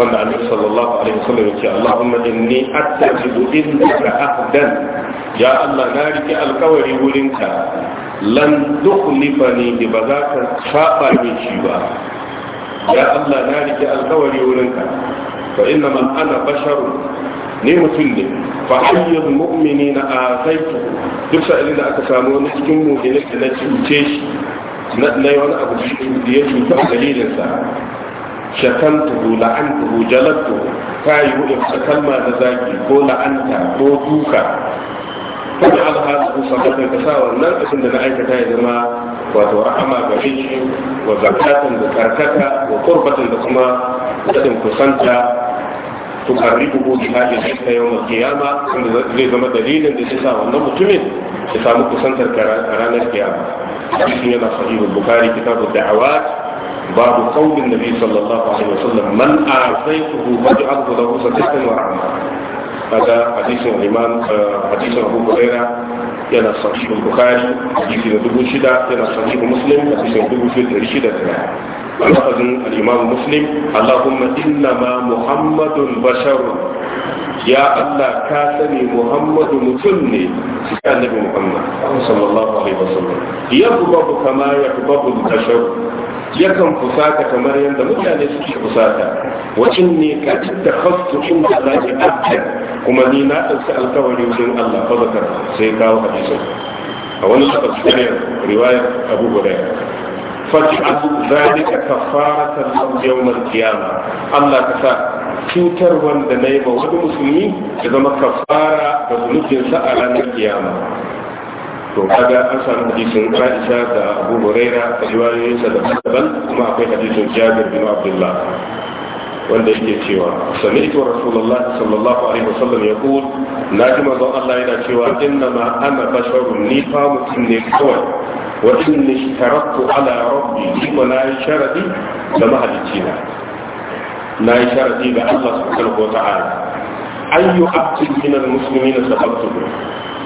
wanda annabi sallallahu alaihi wasallam ya ce allahumma inni attajibu indaka ahdan ya Allah na rike alkawari wurinka lan dukhlifa ni ba za ka saba min shi ba ya Allah na rike alkawari wurinka fa inna man ana basharu Ni mutum ne fa hayyul mu'minina ataitu duk sa'ilin da aka samu wani cikin mu'minin da na cuce shi na wani abu da ya cuta a dalilinsa shakantuhu la'antuhu jalattu kayu in kalma da zaki ko la'anta ko duka كل على هذا صفة التساوى الناس عندما أنت يا جماعة وترحمة بفجح وزكاة بكركك وقربة بكما تتم كسنتا تقربه بهذه الحكة يوم القيامة لذلك دليل لتساوى الناس تمن تساوى كسنتا كران القيامة صحيح البخاري كتاب الدعوات باب قول النبي صلى الله عليه وسلم من أعطيته فجعلت له ستة وعمرة kaga hadisin imam hadisin abu hurera yana sahihin bukari hadisin dubu shida yana sahihin muslim hadisin dubu fiye da shida da al'afazin al'imam muslim allahumma inna ma muhammadun basharu ya allah kasani sani muhammadu mutum ne su ka annabi muhammad sallallahu alaihi wasallam ya kuma kama ya kuma yakan fusata kamar yadda mutane suke fusata wa ne ka da khastu inda Allahi abdan kuma ni na ɗauki alkawari wajen Allah fa zakar sai kawo hadisin a wani lokaci ne riwayar Abu Hurairah faj'al zalika kafaratan lahu yawm al-qiyamah Allah ka sa cutar wanda nayi ba wani musulmi ya zama kafara da zunubinsa a ranar kiyama to kaga an samu hadisin Aisha da Abu Huraira da sa da daban kuma akwai hadisin Jabir bin Abdullah wanda yake cewa sami'tu rasulullah sallallahu alaihi wasallam yaqul na ji manzon Allah yana cewa inna ma ana basharun ni fa mutum ne kawai wa inni ishtaraktu ala rabbi wa la sharadi da mahalicina na yi sharadi ga Allah subhanahu wa ta'ala ayyu abdin min al-muslimin sababtu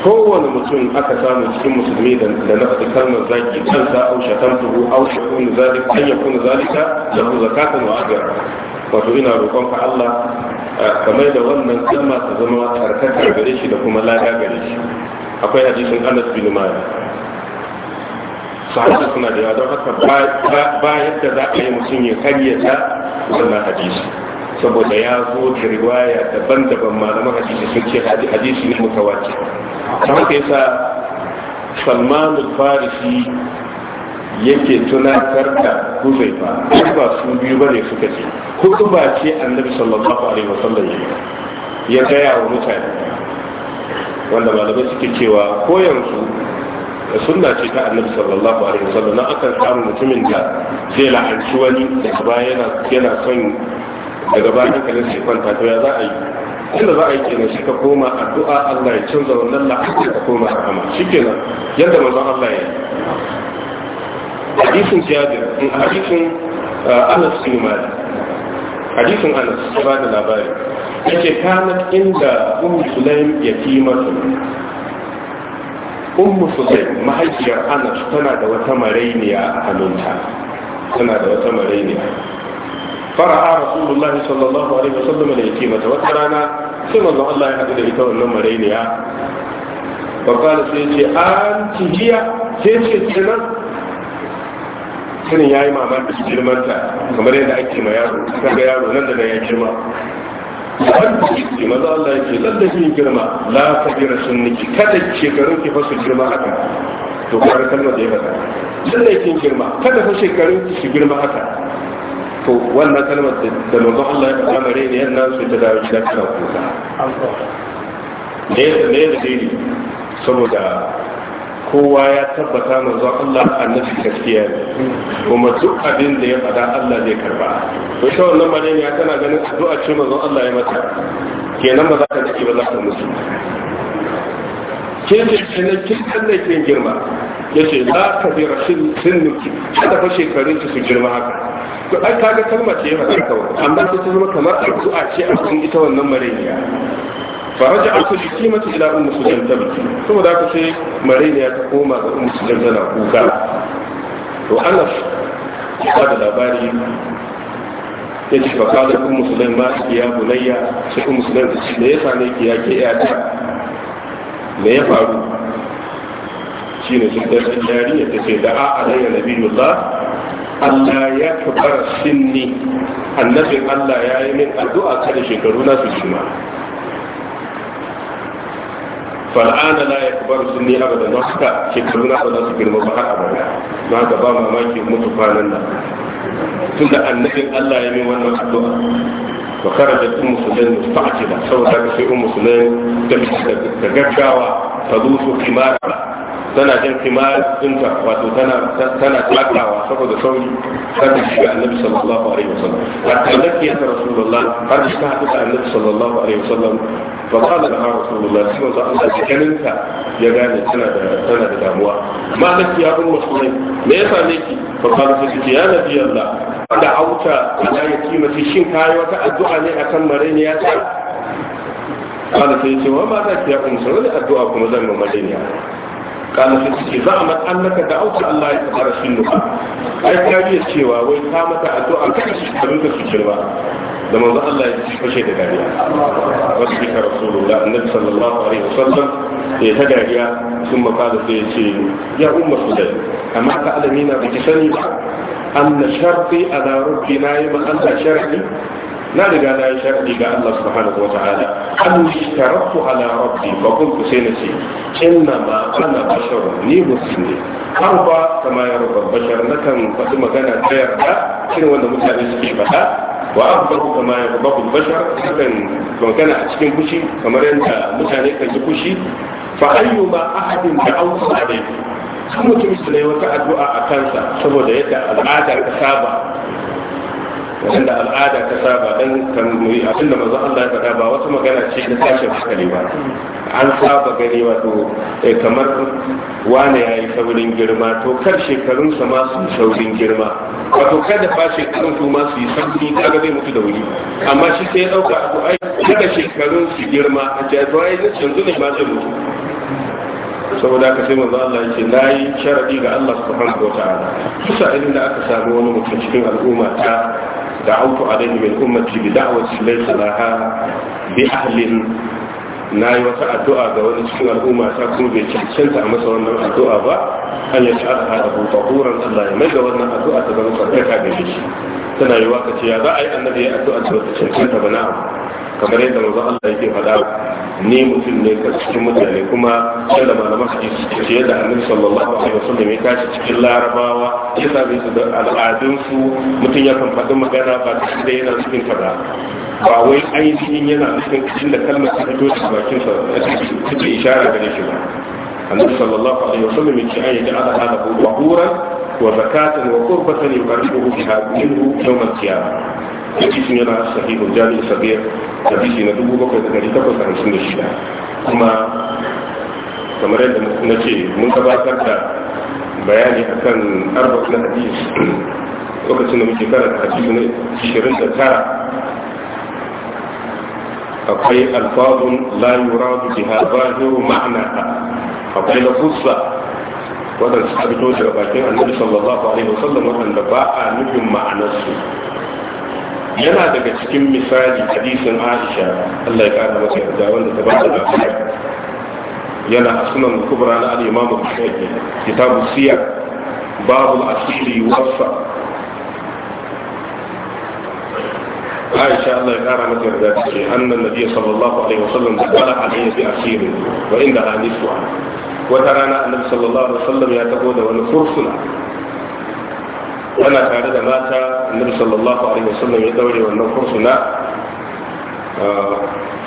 kowane mutum aka samu cikin musulmi da na faɗi kalmar zaki kan sa au shatamtuhu au shakunu zalika an yakunu zalika lahu zakatan wa ajra wato ina roƙon eh, ka Allah kamar da wannan kalma ta zama karkata gare shi da kuma lada gare shi akwai hadisin Anas bin Malik sahabi suna da yawa don haka ba yadda za a yi mutum ya karyata wannan hadisi saboda ya zo da riwaya daban-daban malaman hadisi sun ce hadisi ne mutawatir ta ka yasa salmanu farisi yake tunatar da ba duk ba su biyu bane suka ce hudu ba ce annabi sallallahu alaihi wasallam ya gaya wa mutane wanda malamai suke cewa ko yanzu da sunna ce ta annabi sallallahu alaihi wasallam na akan samu mutumin da zai la'anci wani da baya yana yana son daga bayan hankalin shi kwanta to ya za a yi inda za a yi kenan shi ka koma addu'a Allah ya canza wannan la'akari ka koma kama, shi kenan yadda manzon Allah ya yi hadisin jabir hadisin uh, Anas bin Malik hadisin Anas ya ba da labari yake kanat inda Ummu Sulaim yatimatu ummu sulaim mahaifiyar anas tana da wata marainiya a hannunta tana da wata marainiya fara'a rasulullahi sallallahu alaihi wasallam da yake mata wata rana sai manzon Allah ya haɗu da ita wannan marainiya babba da sai ce an tijiya sai ce tsinan sanin yayi mamaki girmanta kamar yadda ake ma yaro kaga yaro nan da nan ya girma an maza Allah ya ce yake lalle shi girma la ta jira sunniki kada shekarun ki fasu girma haka to kar kalma da ya fada lalle kin girma kada fa shekarun ki su girma haka to wannan kalmar da manzon Allah ya kama rene yan nasu ta dawo gida kana kuka ne da ne da dini saboda kowa ya tabbata manzon Allah annabi gaskiya ne kuma duk abin da ya faɗa Allah zai karba to shi wannan ya tana ganin addu'a ce manzon Allah ya mata kenan ba za ta nake ba za ta musu kin da kenan kin kalle kin girma yace la sun sinnuki kada fa shekarun su girma haka to ai kaga kalma ce ya faɗa kawai amma sai ta zama kamar addu'a ce a cikin ita wannan mareniya faraja an su kimata ila ummu sujan tabki saboda haka sai mareniya ta koma ga ummu sujan tana kuka to Allah ya da labari ya ce fa kada ummu sujan ma ya bunayya sai ummu sujan ta ce me yasa ne ki ke ya ta me ya faru shi ne sun tashi jariya ta ce da a alayya nabiyullah Allah ya kabar sinni annabin Allah ya yi min addu'a kada shekaru na su jima fal'ana la ya kabar sinni abada na suka shekaru na ba su girma ba har abada na ga ba mamaki mutu kwanan nan tun da annabin Allah ya yi min wannan addu'a wa kharajat ummu sulaim musta'jila saboda sai ummu sulaim da gaggawa ta zo su kimara tana jan kimar dinka wato tana tana takawa saboda sauri kada shi ga annabi sallallahu alaihi wasallam hatta laki ya rasulullah har shi ta hadu da annabi sallallahu alaihi wasallam fa qala da rasulullah sai manzo Allah cikininta ya gane tana da tana da damuwa ma laki ya ummu sulai me yasa nake fa qala sai ya nabi Allah da auta ala yatimati shin kai wata addu'a ne akan mareniya ta قال سيدي وما ذاك يا أم سعود الدعاء كما ذنب مدينة kana sai suke za'amat annaka da'auta Allah ya tsara sunnuka ai ka biya cewa wai ka mata addu'a kada su kamin ka su kirba da manzo Allah ya ci fashe da dariya wasu ka rasulullah annabi sallallahu alaihi wasallam ya ta dariya sun makala sai ya ce ya umma sudai amma sani ba anna sharti ala rabbina yaba na riga na yi sharadi ga Allah subhanahu wa ta'ala an shtaratu ala rabbi fa qultu sai na ce inna ma ana basharun ni musulmi har ba kama ya rubar bashar na kan faɗi magana ta yarda irin wanda mutane suke faɗa wa abubuwa kama ya rubar bashar kan magana a cikin fushi kamar yadda mutane kan yi fushi fa ayyuma ahadin da an sa'adai sun mutum su ne wata addu'a a kansa saboda yadda al'adar ta saba wanda al'ada ta saba dan kan mai abin da manzo Allah ya faɗa ba wata magana ce da tashin hankali ba an saba gani wato eh, kamar wane ya yi saurin girma to kar shekarun sa ma su saurin girma wato kada ba shekarun su ma su yi sauri kaga zai mutu da wuri amma shi sai ya dauka to ai kada shekarun su girma a ce to ai yanzu ne ma zai mutu saboda aka sai manzo Allah ya ce, na yi sharadi ga Allah subhanahu wataala kusa idan da aka samu wani mutum cikin al'umma ta دعوت عليه من أمتي بدعوة ليس لها بأهل na yi wata addu'a ga wani cikin al'umma ta kuma bai cancanta a masa wannan addu'a ba an ya ci aka da buta horon Allah ya mai da wannan addu'a ta zama tsarkaka da shi tana yi waka ce ya za a yi annabi ya addu'a ta wata cancanta ba na'am kamar yadda manzo Allah yake faɗa ni mutum ne ka cikin mutane kuma yadda malaman hadisi ke ce yadda Annabi sallallahu alaihi wasallam ya tashi cikin Larabawa ya same su da al'adun su mutum ya kan faɗi magana ba da yana cikin ta ba ba wai ainihin yana cikin cikin da kalmar ta fito da bakin sa cikin isharar gare shi ba Annabi sallallahu alaihi wasallam ya ce ayyaka ala hada buhuran wa zakatan wa qurbatan yuqarribuhu biha minhu yawm al-qiyamah yake yana sahihul jami' sabir hadisi na 7856 kuma kamar yadda na ce mun gabatar da bayani akan arba'u na hadis lokacin da muke karanta hadisi na 29 akwai alfazun la yuradu biha zahiru ma'naha akwai lafuzza wadanda suka fito daga bakin annabi sallallahu alaihi wasallam wadanda ba a nufin ma'anarsu yana daga cikin misali hadisin aisha Allah ya kara masa yarda wanda ta bada lafiya yana a sunan kubra na al-imam al-bukhari kitabu siyar babu asiri wasa عائشة الله يقرأ مثل ذلك أن النبي صلى الله عليه وسلم دخل عليه بأسير وإنها نسوة وترانا النبي صلى ya عليه da wani ونفرسنا yana tare da mata annabi sallallahu alaihi wasallam ya daure wannan fursuna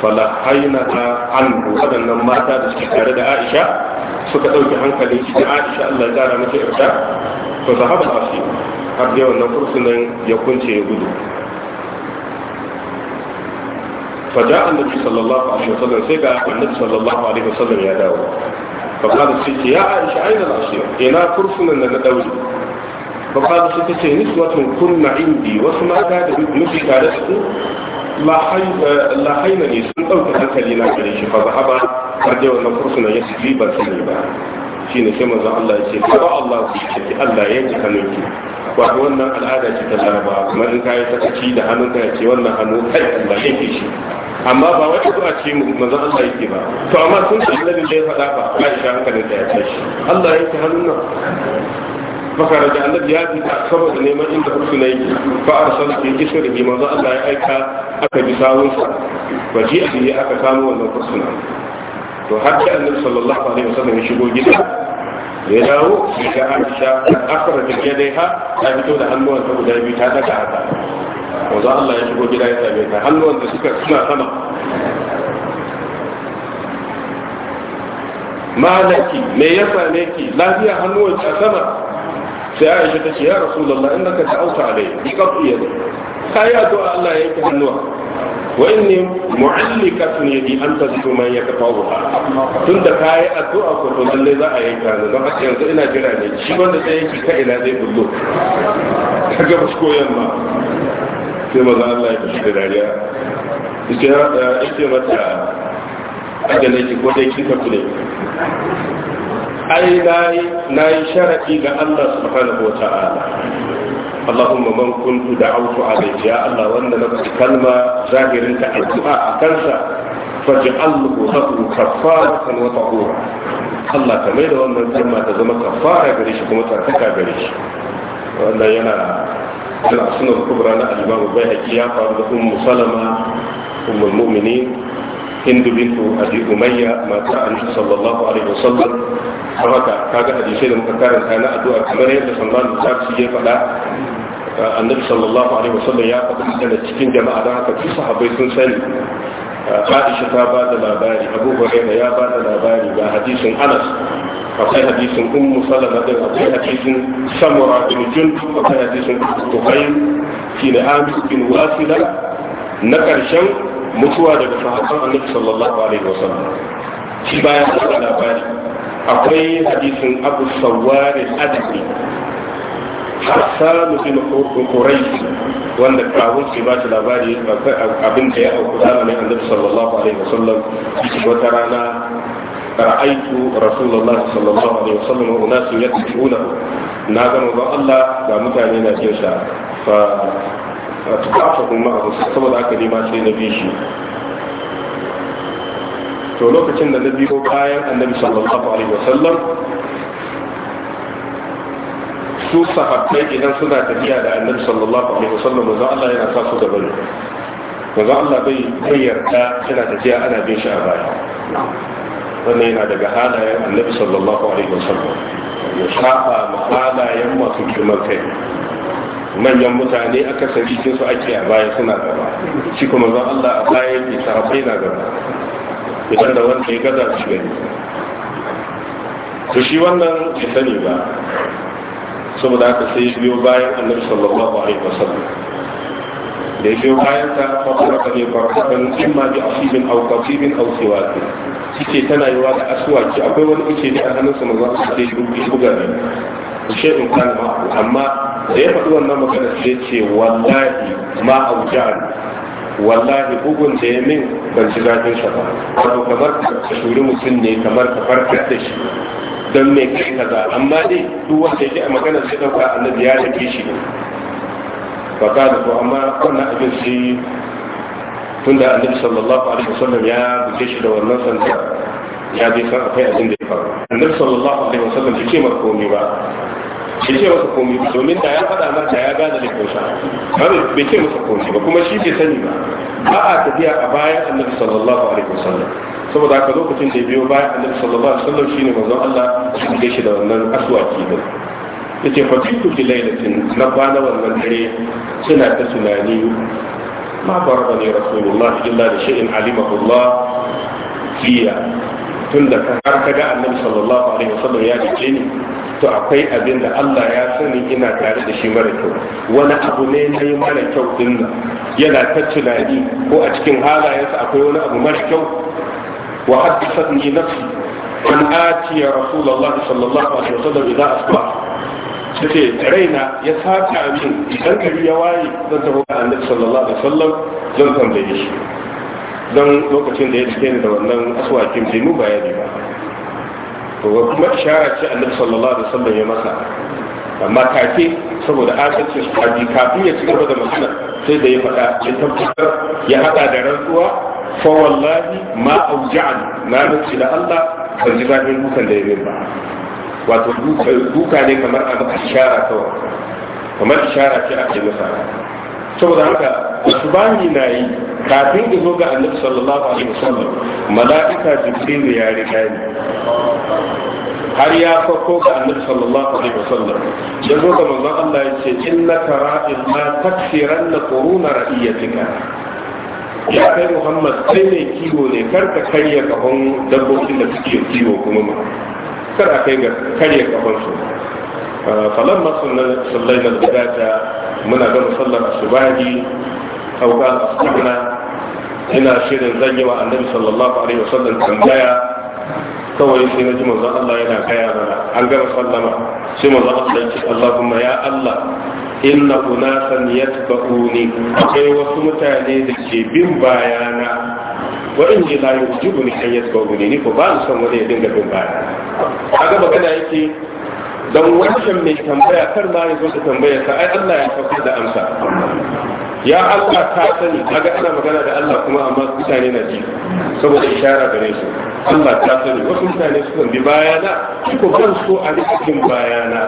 fala haina ta an wadannan mata da suke tare da aisha suka ɗauki hankali shi aisha allah ya tsara mace irta to sahaba ba shi har da wannan fursunan ya kunce ya gudu فجاء النبي صلى الله عليه وسلم سيجا النبي صلى الله عليه وسلم يا داود فقال السيد يا عائشة أين العصير؟ إلى فرسنا لنا داود فقال سكتي نسوة كن عندي shi ba نبي كارثة لا حين لا حين يسون أو تهكلي لا كريش فذهب أرجو أن فرسنا يسجي بسنيبا شين كما ذا الله يسجي فرع الله Allah الله يجي كنوكي wato wannan al'ada ce ta laraba kuma in kayi sakaci da hannun ka ce wannan hannu kai Allah yake shi amma ba wai a ce manzon Allah yake ba to amma sun san annabi da ya faɗa ba Aisha hankalin da ya tashi Allah yake hannun nan fakara da annabi ya fita saboda neman inda husna yake fa arsal da kisrihi manzo Allah yi aika aka bi samun sa ba ji abi aka samu wannan husna to har da annabi sallallahu alaihi wasallam ya shigo gida ya dawo ga Aisha dai ha, ta fito da hannuwan ta guda biyu ta daga haka manzo Allah ya shigo gida ya same ta hannuwan da suka suna sama malaki me ya same ki lafiya hannuwan ta sama sai aisha ta ce ya rasulullah innaka ta'awta alai bi qat'i ka yi addu'a Allah ya yanke hannuwa wa inni mu'allikatun yadi an tazu man da ka kai addu'a ko to lalle za a yanka ne don haka yanzu ina jira ne shi wanda sai yake ka ina zai bullo kaga ba yamma sai maza Allah ya kashi da dariya yake mata ajalai ki ko dai kin ka kule ai nayi, nayi sharaɗi ga Allah subhanahu wa ta'ala Allahumma man kuntu da'awtu alayhi ya Allah wanda na faɗi kalma zahirin ta addu'a a kansa faj'alhu lahu kafaratan wa tahura Allah ta mai da wannan kalma ta zama kafara gare shi kuma tsarkaka gare shi wannan yana yana sunan kubra na al-Imam Bayhaqi ya faru da Ummu Salama Ummul Mu'minin هند بنت أبي أمية ما ترى النبي صلى الله عليه وسلم haka kaga hadisai da muka karanta na addu'a kamar yadda sallallahu alaihi ya faɗa annabi sallallahu alaihi wasallam ya faɗa da cikin jama'a da haka su sahabbai sun sani Aisha ta ba da labari Abu Hurairah ya ba da labari ga hadisin Anas akwai hadisin Ummu Salama din akwai hadisin Samura bin Jund akwai hadisin Tuhayn shine Amir bin Wasila na karshen mutuwa daga sahabban annabi sallallahu alaihi wasallam shi baya da labari akwai hadisin abu sawari adami hassan bin quraish wanda kawun ke ba shi labari abin da ya auku zamanin annabi sallallahu alaihi wasallam wata rana رأيت رسول الله صلى الله عليه وسلم وناس يتبعونه نادم الله لا متعنين جيشا a tukata kuma a saboda aka nema sai na bi shi to lokacin da na biyo bayan annabi sallallahu alaihi wasallam su sahabbai idan suna tafiya da annabi sallallahu alaihi wasallam manzo Allah yana sa su gaban manzo Allah bai bai yarda yana tafiya ana bin shi a baya wannan yana daga halayen annabi sallallahu alaihi wasallam ya shafa mahalayen masu girman kai manyan mutane aka sari su ake a baya suna gaba shi kuma zan Allah a baya ke sahabbai na gaba idan da wanda ya gaza shi gani to shi wannan ya sani ba saboda haka sai biyo bayan annabi sallallahu alaihi wasallam da biyo bayan ta fara ka ne barkatan imma bi asibin aw qatibin aw siwakin kike tana yiwa da asuwaki, akwai wani kike da hannunsa manzo Allah sai ya Ku ne shi in kana amma da ya faɗi wannan magana sai ce wallahi ma aujan wallahi bugun da ya min ban ci zafin sa ba wato kamar ka shuri mutum ne kamar ka farkar da shi don mai kai ka za amma dai duk wanda yake a magana sai dauka annabi ya rage shi ne ba ka da ko amma wannan abin sai tunda annabi sallallahu alaihi wasallam ya buke shi da wannan sanda ya bai san akwai abin da ya faru annabi sallallahu alaihi wasallam bai ce mar komai ba bai ce masa komai ba domin da ya faɗa mata ya gane da kyauta bai ce masa komai ba kuma shi ke sani ba ba a tafiya a bayan annabi sallallahu alaihi wasallam saboda haka lokacin da ya biyo bayan annabi sallallahu alaihi wasallam shine manzon Allah ya gaishe da wannan aswaki din yace fa kuntu fi lailatin na bana wannan dare suna ta tunani ma barba ne rasulullah illa da shay'in alimahu Allah fiya tunda har kaga annabi sallallahu alaihi wasallam ya dace ni to akwai abin da Allah ya sani ina tare da shi mara kyau wani abu ne na yi mara kyau din nan yana ta tunani ko a cikin halayensa akwai wani abu mara kyau wa haddasat ni nafsi an ya rasulullah sallallahu alaihi wasallam idza asba sai raina ya saka min idan gari ya waye zan tafi ga annabi sallallahu alaihi wasallam zan tambaye shi dan lokacin da ya cike da wannan aswakin bai mu bayani ba to kuma ishara ce annabi sallallahu alaihi wasallam ya masa amma take saboda asircin sahabi kafin ya ci gaba da magana sai da ya faɗa ya tabbatar ya haɗa da rantsuwa fa wallahi ma auja'an na nufi da Allah ban ji zafin dukan da ya min ba wato duka ne kamar a maka ishara kawai kamar ishara ce ake masa saboda haka su ni na yi kafin zo ga annabi sallallahu alaihi wasallam mala'ika jibril ya riga ni har ya farko ga annabi sallallahu alaihi wasallam ya zo ga manzon Allah ya ce tara ra'in ma la quruna ra'iyatika ya kai Muhammad sai mai kiwo ne kar ka karya kafan dabbobin da suke kiwo kuma ma kar a kai ga karya kafan su falamma sallallahu alaihi wasallam muna ga sallar asubahi hauka asubna ina shirin zan yi wa annabi sallallahu alaihi wasallam tambaya kawai sai na ji manzon Allah yana gaya mana an gama sallama sai manzon Allah ya ce Allahumma ya Allah inna unasan yatba'uni akwai wasu mutane da ke bin bayana wa in ji la yujibu ni an yatba'uni ni ko ba san wani ya dinga bin bayana kaga magana yake don wancan mai tambaya kar ma ya zo tambaya sa ai Allah ya saukar da amsa ya Allah ta sani a ga ana magana da Allah kuma amma mutane na ji saboda ishara gare su Allah ta sani wasu mutane su bi bayana ko ban so a cikin bayana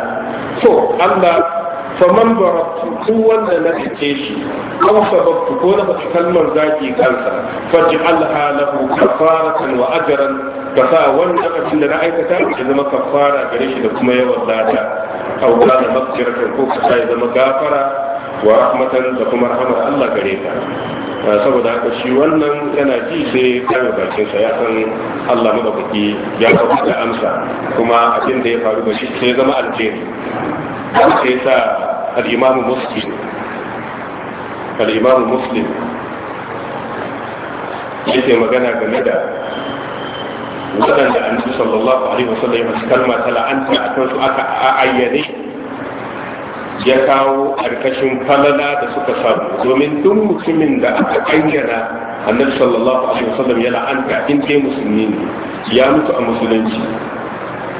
to Allah faman barabtu duk wanda na cike shi aw sababtu ko na bata kalmar zaki kansa faj'alha lahu kafaratan wa ajran ka sa wani lokacin da na aikata ya zama kafara gare shi da kuma yawan lada au kana maghfiratan ko ka sa ya zama gafara wa rahmatan da kuma rahmar Allah gare ka ah, saboda haka shi wannan yana ji sai kame bakin sa ya san Allah madaukaki ya kawo da amsa kuma abin da ya faru ba shi sai zama alheri sai sa al-Imam Muslim al-Imam Muslim yake magana game da waɗanda annabi sallallahu alaihi wasallam ya kalma ta la'anta a kansu aka ayyane ya kawo karkashin falala da suka samu domin duk mutumin da aka ayyana annabi sallallahu alaihi wasallam ya la'anta in dai musulmi ne ya mutu a musulunci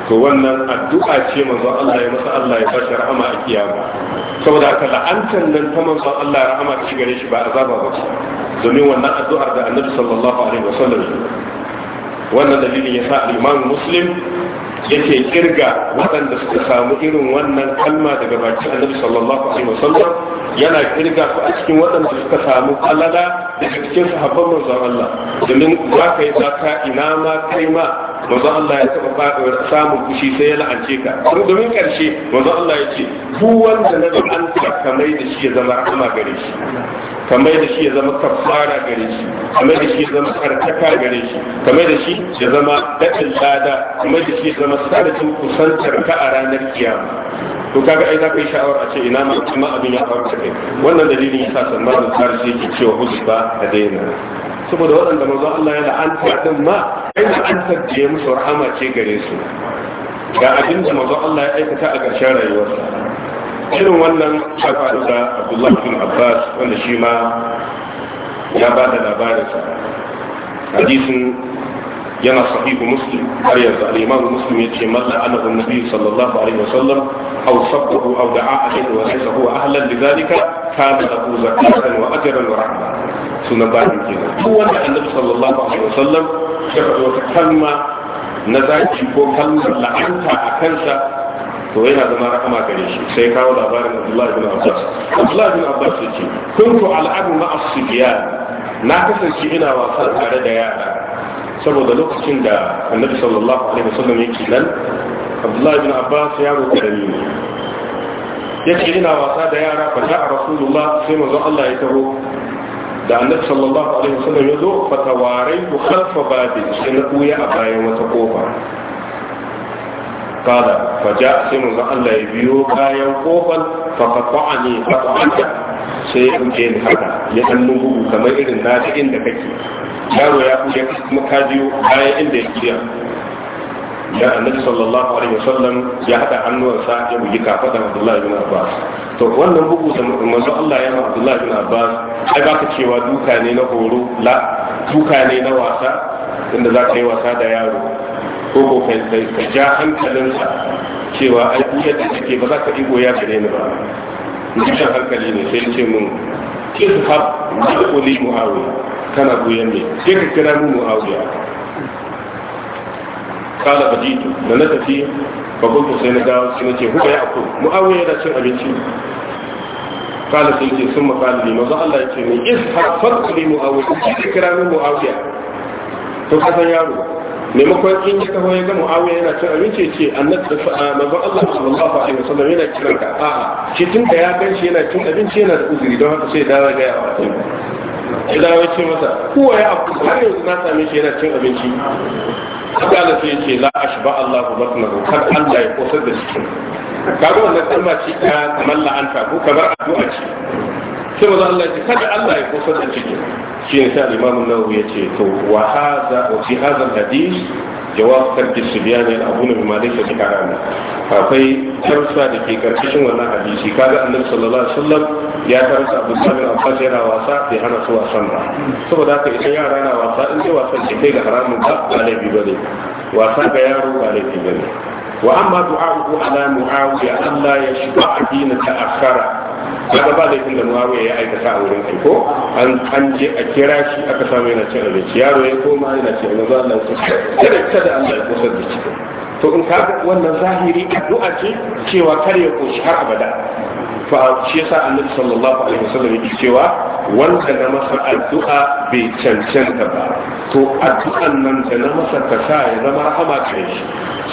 to wannan addu'a ce manzon Allah ya masa Allah ya bashi rahama a kiyama saboda haka la'antar nan ta manzon Allah rahama ta gare shi ba azaba ba domin wannan addu'ar da annabi sallallahu alaihi wasallam wannan dalilin ya sa imam muslim yake kirga waɗanda suka samu irin wannan kalma daga bakin annabi sallallahu alaihi wasallam yana kirga su a cikin waɗanda suka samu alada daga cikin sahabban manzon Allah domin za ka yi zaka ina ma kai ma manzon Allah ya taba samun fushi sai ya la'ance ka domin karshe manzon Allah ya ce duk wanda na la'anta kamar da shi ya zama rahama gare shi kamar da shi ya zama kafara gare shi kamar da shi ya zama karkaka gare shi kamar da shi ya zama dadin lada kamar da shi ya zama sadakin kusantar ka a ranar kiyama to kaga ai za ka yi sha'awar a ce ina ma abin ya faru kai wannan dalilin yasa sannan da tarihi ke cewa husba da daina saboda waɗanda manzo Allah ya la'anta din ma ai la'antar da ya musu rahama ce gare su ga abin da manzo Allah ya aikata a ƙarshen rayuwarsa irin wannan ya faru da Abdullah bin Abbas wanda shi ma ya ba da labarinsa hadisin yana sahihu muslim har yanzu al-imam muslim yace man la'ana an-nabi sallallahu alaihi wasallam aw sabbahu aw da'a alaihi wa laysa huwa ahlan li dhalika kana lahu zakatan wa ajran wa rahmah suna ba ke nan, duk wanda annabi sallallahu alaihi wasallam ya faɗi wata kalma na zaki ko kalmar la'anta a kansa to yana zama rahama gare shi sai kawo labarin Abdullahi bin Abbas Abdullahi bin Abbas ce, kuntu al'abu ma as-sibyan na kasance ina wasa tare da yara saboda lokacin da annabi sallallahu alaihi wasallam yake nan Abdullahi bin Abbas da ni ne yake ina wasa da yara fa ta rasulullah sai manzo Allah ya taho da annabi sallallahu alaihi wasallam ya zo fa fatawarai ku khalfa babi sai na kuya a bayan wata kofa fa ja sai ga Allah ya biyo bayan kofar fa qata'ani qata'ata sai ya buge ni haka ya dan bugu kamar irin na cikin da kake yaro ya buge kuma ka biyo bayan inda ya kiya ya annabi sallallahu alaihi wasallam ya hada hannuwansa ya bugi kafadan Abdullah bin Abbas to wannan bugu da manzo Allah ya ma Abdullah bin Abbas sai baka cewa duka ne na horo la duka ne na wasa inda za ka yi wasa da yaro ko ko kai ka ja hankalinsa cewa ai duk da kake ba za ka igo ya gare ni ba mutum hankali ne sai ce mun kisa fa ma ko mu muawiya kana goyen ne sai ka kira mu muawiya kala bajitu da na tafi bakuntu sai na dawo sai na ce huka ya aku mu'awiya yana cin abinci kala sai ce sun makali ne mazu Allah ya ce ne is harfarku ne mu'awiya ki da kira min mu'awiya to kasan yaro maimakon in ya kawo ya ga mu'awiya yana cin abinci ce annabi da mazu Allah sallallahu alaihi wasallam yana kiran ka a shi tun da ya gan shi yana cin abinci yana da uzuri don haka sai dawo ga yawa ya dawo ya ce masa kowa ya abu har yanzu na same shi yana cin abinci kala sai ce la ashba Allahu batnahu kar Allah ya kosar da cikin kaga wannan kalma ce ta kamar la'anta ko kamar addu'a ce sai maza Allah ya ce kada Allah ya kusa da ciki shi ne sai Imam Nawawi ya ce to wa hadha wa fi hadha hadith jawab karki subyani malik akwai tarsa da ke karkashin wannan hadisi kaga annabi sallallahu alaihi wasallam ya tarsa abu sabin abbas yana wasa bai hana su wasan ba saboda haka idan yara na wasa in dai wasan ke kai ga haramun ba ba laifi bane wasa ga yaro ba laifi bane wa amma ala muawiya Allah ya kaga ba laifin da muawiya ya aikata a wurin aiko an an je a kira shi aka samu yana cin abinci yaro ya koma yana cin abinci Allah ya kusa kada kada Allah ya kusa da shi to in ka wannan zahiri addu'a ce cewa kar ya koshi har abada fa shi yasa annabi sallallahu alaihi wasallam yake cewa wanda na masa addu'a bai cancanta ba to addu'an nan da na masa ta sa ya zama rahama kai shi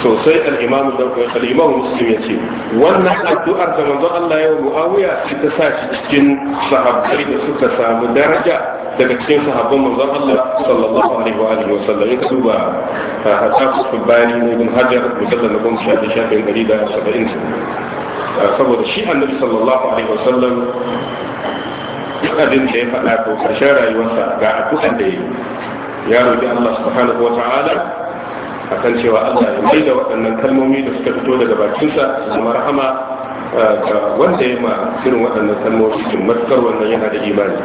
sosai al-imamu da al-imamu muslim yace wannan addu'ar da manzon Allah ya muawiya ta sa shi cikin sahabbai da suka samu daraja daga cikin sahabban manzon Allah sallallahu alaihi wa alihi wa sallam ka duba hasabu subani ibn hajar mujallal na goma sha shafin 170 saboda shi annabi sallallahu alaihi wa sallam duk abin da ya faɗa karshen rayuwarsa ga addu'an da yi ya roƙi Allah subhanahu wa ta'ala akan cewa Allah ya mai da waɗannan kalmomi da suka fito daga bakinsa su rahama eh, ga wanda ya ma irin waɗannan kalmomi cikin matukar wannan yana da imani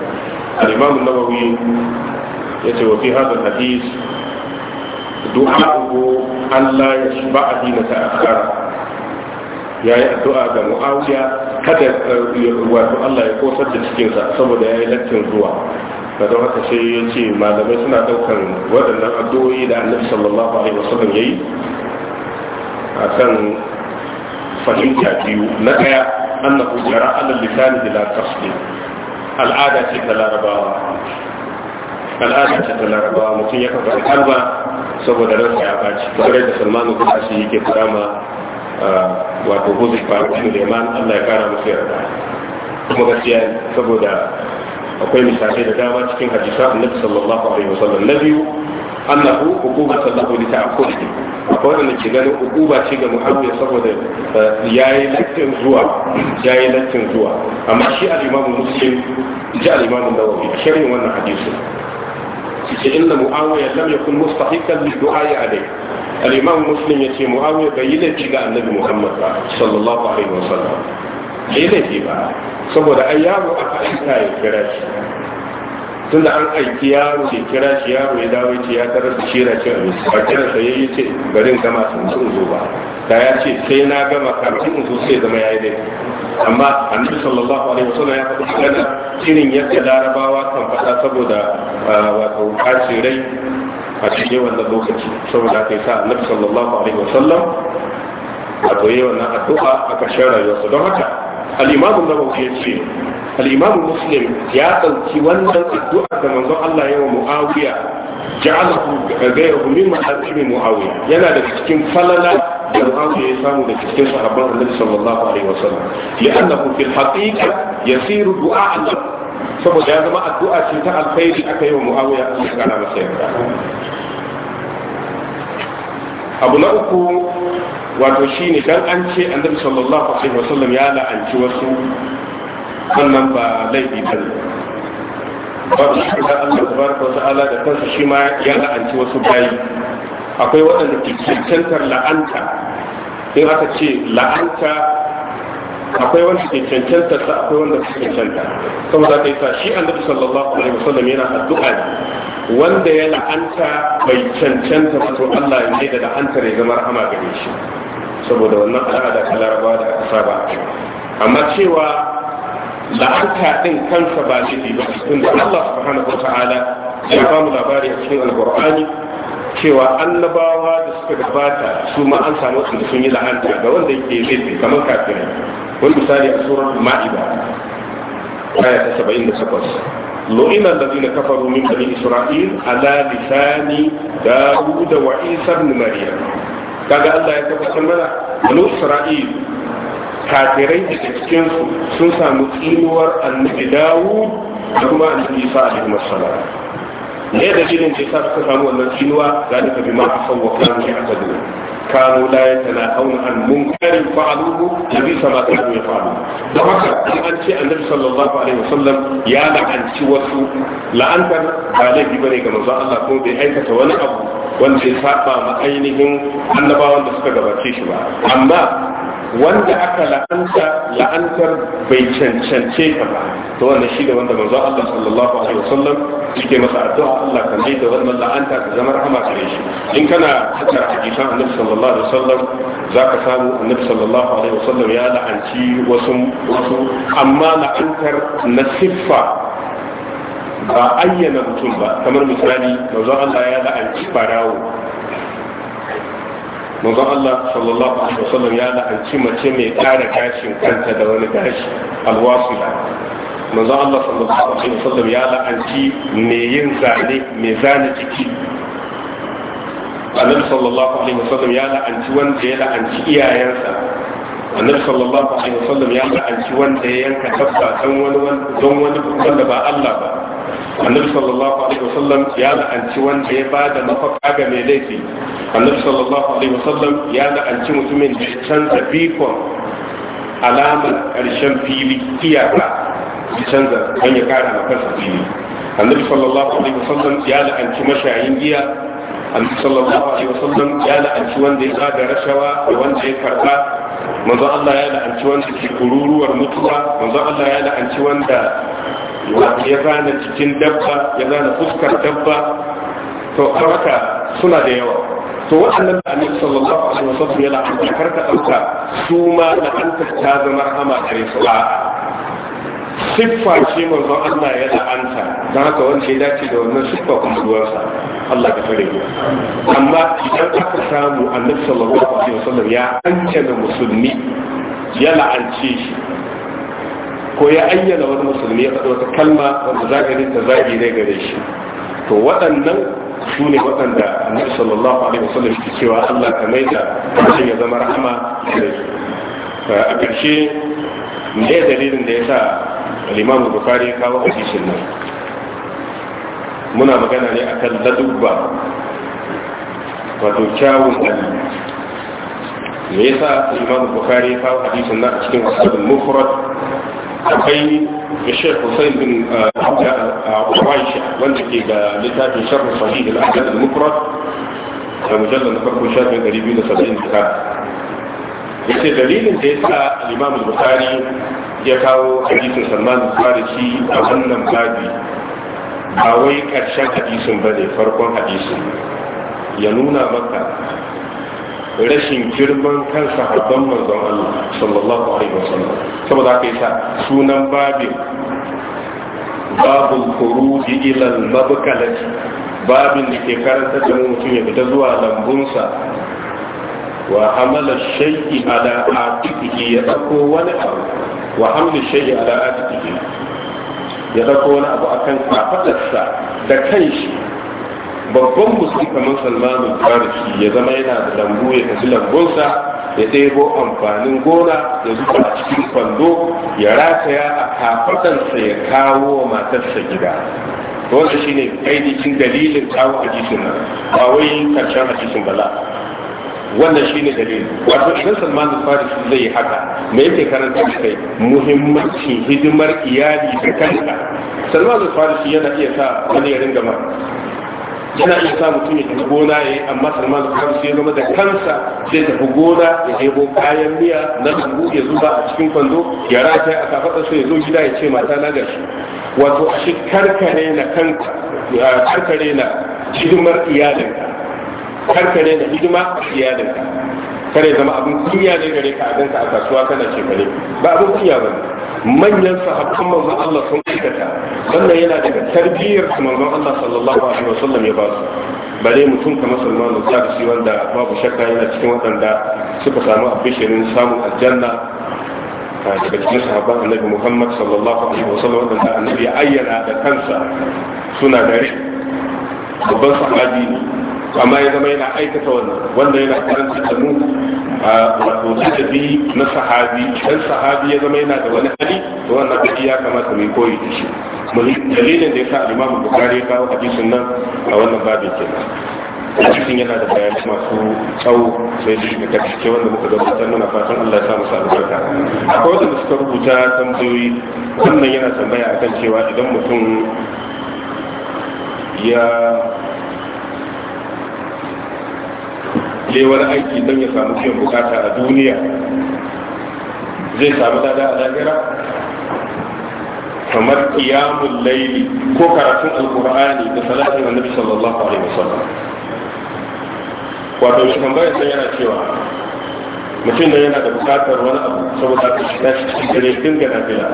al-imam an-nawawi yace wa fi hadha hadith du'a an la yashba'a dina ta'akhara ya yi addu'a ga mu'awiya kada wato Allah ya kosar da cikinsa saboda ya yi lattin zuwa da don haka sai ya ce malamai suna ɗaukar waɗannan addu'o'i da annabi sallallahu alaihi wasallam ya yi a kan fahimta biyu na ɗaya annahu jara ala lisani bila qasdi al'ada ce ta larabawa al'ada ce ta larabawa mutum ya kafa kalma saboda ransa ya baci kamar da salmanu kuma shi yake kudama wato huzaifa bin liman Allah ya kara musu yarda kuma gaskiya saboda akwai misalai da dama cikin hadisan annabi sallallahu alaihi wasallam na biyu annahu hukuma sallahu li ta'akkuli akwai wanda ke ganin hukuma ce ga muhammad saboda eh, yayi lattin zuwa yayi lattin zuwa amma shi al-imamu muslim ji al-imamu nawawi sharhin wannan hadisi ان معاويه لم يكن مستحقا للدعاء عليه الامام مسلم يتي معاويه بين اتجاه النبي محمد صلى الله عليه وسلم بين اتجاه سبب ايام اكثر كراسي tunda an aiki yaro ke kira shi yaro ya dawo ce ya tarar da shira ce abinci a kira sai yayi ce garin gama sun zo ba da ya ce sai na gama kafin in zo sai zama yayi dai amma annabi sallallahu alaihi wasallam ya faɗi magana irin yadda larabawa kan fasa saboda wato kacin rai a cikin wannan lokaci saboda kai sa annabi sallallahu alaihi wasallam wato yayi wannan addu'a a ƙarshen rayuwarsa don haka al-imam an-nawawi yace muslim ya ɗauki wannan addu'a da manzon Allah ya wa muawiya min muawiya yana da cikin falala da muawiya ya samu da cikin sahabban annabi sallallahu alaihi wasallam li'annahu fil haqiqa yasiru du'a saboda ya zama addu'a ce ta alkhairi aka yi wa muawiya Allah ya abu na uku wato shine dan an ce annabi sallallahu alaihi wasallam ya la'anci wasu wannan ba laifi ba, babu shi da Allah tabaraka wata'ala da kansa shi ma ya la'anci wasu bayi akwai waɗanda ke cancantar la'anta in aka ce la'anta akwai wanda ke cancantar sa akwai wanda ke cancanta saboda kai sa shi annabi sallallahu alaihi wasallam yana addu'a wanda ya la'anta bai cancanta ba Allah ya da la'anta ya zama rahama gare shi saboda wannan al'ada ta larabawa da aka saba amma cewa la'anta din kansa ba shi ba cikin da Allah subhanahu wata'ala ya ba mu labari a cikin alqur'ani cewa annabawa da suka gabata su ma an samu wanda sun yi la'anta ga wanda yake zai kamar kafirai wani misali a surar ma'ida aya ta saba'in da takwas لئن الذين كفروا من بني إسرائيل على da داود وعيسى بن مريم kaga Allah ya tabbatar mana banu Isra'il kafirai daga cikin su sun samu tsinuwar annabi Dawud da kuma annabi Isa alaihi salam ne da jinin sa suka samu wannan tsinuwa zalika bima asaw wa kanu ya'tadun kanu la yatanahawna an munkarin fa'aluhu nabi sama kanu yafa'alu da haka an ce annabi sallallahu alaihi wasallam ya la'anci wasu la'antar ba laifi bane ga manzon Allah ko bai aikata wani abu wanda ya saba ma ainihin annabawan da suka gabace shi ba amma wanda aka la'anta la'antar bai cancance ka ba to wannan shi da wanda manzo Allah sallallahu alaihi wasallam yake masa addu'a Allah kan da wannan la'anta ta zama rahama gare shi in kana tattara hadisan Annabi sallallahu alaihi wasallam zaka samu Annabi sallallahu alaihi wasallam ya la'anci wasu wasu amma la'antar na siffa ba ayyana mutum ba kamar misali manzon Allah ya la'anci barawo manzon Allah sallallahu alaihi wasallam ya la'anci mace mai kara gashin kanta da wani gashi alwasila manzon Allah sallallahu alaihi wasallam ya la'anci mai yin zane mai zane jiki annabi sallallahu alaihi wasallam ya la'anci wanda ya la'anci iyayensa annabi sallallahu alaihi wasallam ya la'anci wanda ya yanka tabba don wani don wani wanda ba Allah ba annabi sallallahu alaihi wasallam ya la'anci wanda ya bada mafaka ga mai laifi annabi sallallahu alaihi wasallam ya la'anci mutumin da ya canza bikon alamar karshen fili iyaka ya canza don ya kara mafarsa fili annabi sallallahu alaihi wasallam ya la'anci mashayin giya annabi sallallahu alaihi wasallam ya la'anci wanda ya bada rashawa da wanda ya karba manzo Allah ya la'anci wanda ke kururuwar mutuwa manzo Allah ya la'anci wanda ya zana cikin dabba ya zana fuskar dabba to haka suna da yawa to waɗannan da annabi sallallahu alaihi wasallam ya amfani karka ɗauka su ma na an ta zama rahama gare su a siffa shi manzon Allah ya la'anta don haka wanda ya dace da wannan siffa kuma sa, Allah ka fare mu amma idan aka samu annabi sallallahu alaihi wasallam ya ancana musulmi ya la'ance shi ko ya ayyana wani musulmi ya faɗi wata kalma wanda zagarin ta zagi ne gare shi to waɗannan su ne waɗanda annabi sallallahu alaihi wasallam ke cewa Allah ka mai da shi ya zama rahama da su a ƙarshe ne dalilin da ya sa al-Imam Bukhari ya kawo hadisin nan muna magana ne akan ladubba wato kyawun ali me yasa al-Imam Bukhari ya kawo hadisin nan a cikin asabul mufrad akwai bashir hussein bin abuwaisha uh, wanda ke ga littafin shafin sahih da al'adar da mufrad da na farko shafin 279 ce dalilin da ya sa al'imamu bukari ya kawo hadisin salman al shi a wannan babi ba wai karshen ba ne farkon hadisun. ya nuna maka rashin girman kan sahabban manzon Allah sallallahu alaihi wasallam saboda haka yasa sunan babin babul khuruji ila al-mabkalah babin da ke karanta da mutum ya fita zuwa lambunsa wa hamala shay'i ala atiqihi ya dauko wani abu wa shay'i ala atiqihi ya wani abu akan kafadarsa da kanshi babban musulmi kamar salmanu farshi ya zama yana da lambu ya tafi lambunsa ya ɗebo amfanin gona ya zuba a cikin kwando ya rataya a kafatansa ya kawo matarsa gida wanda shi ne ainihin dalilin kawo a jikin nan ba wai karshen a cikin bala wannan shi ne dalilin wato idan salmanin farisi zai yi haka me yake karanta da kai muhimmancin hidimar iyali da kanka salman farisi yana iya sa wani ya ringa ma yana iya sa mutum ya tafi gona ya yi amma da kuma sai ya zama da kansa zai tafi gona ya hebo kayan miya na lambu ya zuba a cikin kwando ya rataya a kafaɗar sai ya zo gida ya ce mata na gashi wato a shi karkare na kanka karkare na hidimar iyalinka karkare na hidima iyalinka kare zama abin kunya ne gare ka a ganka a kasuwa kana ce ba abin kunya ba ne manyan sahabban manzon Allah sun aikata wannan yana daga tarbiyyar manzon Allah sallallahu alaihi wasallam ya ba su bare mutum kamar Salman al-Farisi wanda babu shakka yana cikin waɗanda suka samu abishirin samun aljanna daga cikin sahabban Annabi Muhammad sallallahu alaihi wasallam wanda Annabi ya ayyana da kansa suna da babban sahabi ne amma ya zama yana aikata wannan wanda yana karanta da mu wato ladabi na sahabi idan sahabi ya zama yana da wani hali to wannan gaji ya kamata mai koyi da shi dalilin da ya sa al-Imam Bukhari ya kawo hadisin nan a wannan babin kenan hadisin yana da bayan masu tsawo sai da shiga cike wanda muka gabatar muna fatan Allah ya sa musu albarka akwai wanda suka rubuta tambayoyi wannan yana tambaya akan cewa idan mutum ya ya wani aiki don ya samu biyan bukata a duniya zai samu dada a lahira kamar kiyamun laili ko karatun alkur'ani da salatin annabi sallallahu alaihi wasallam wato shi kan bayan yana cewa mutum da yana da bukatar wani abu saboda ta shiga cikin dare dinga lafiya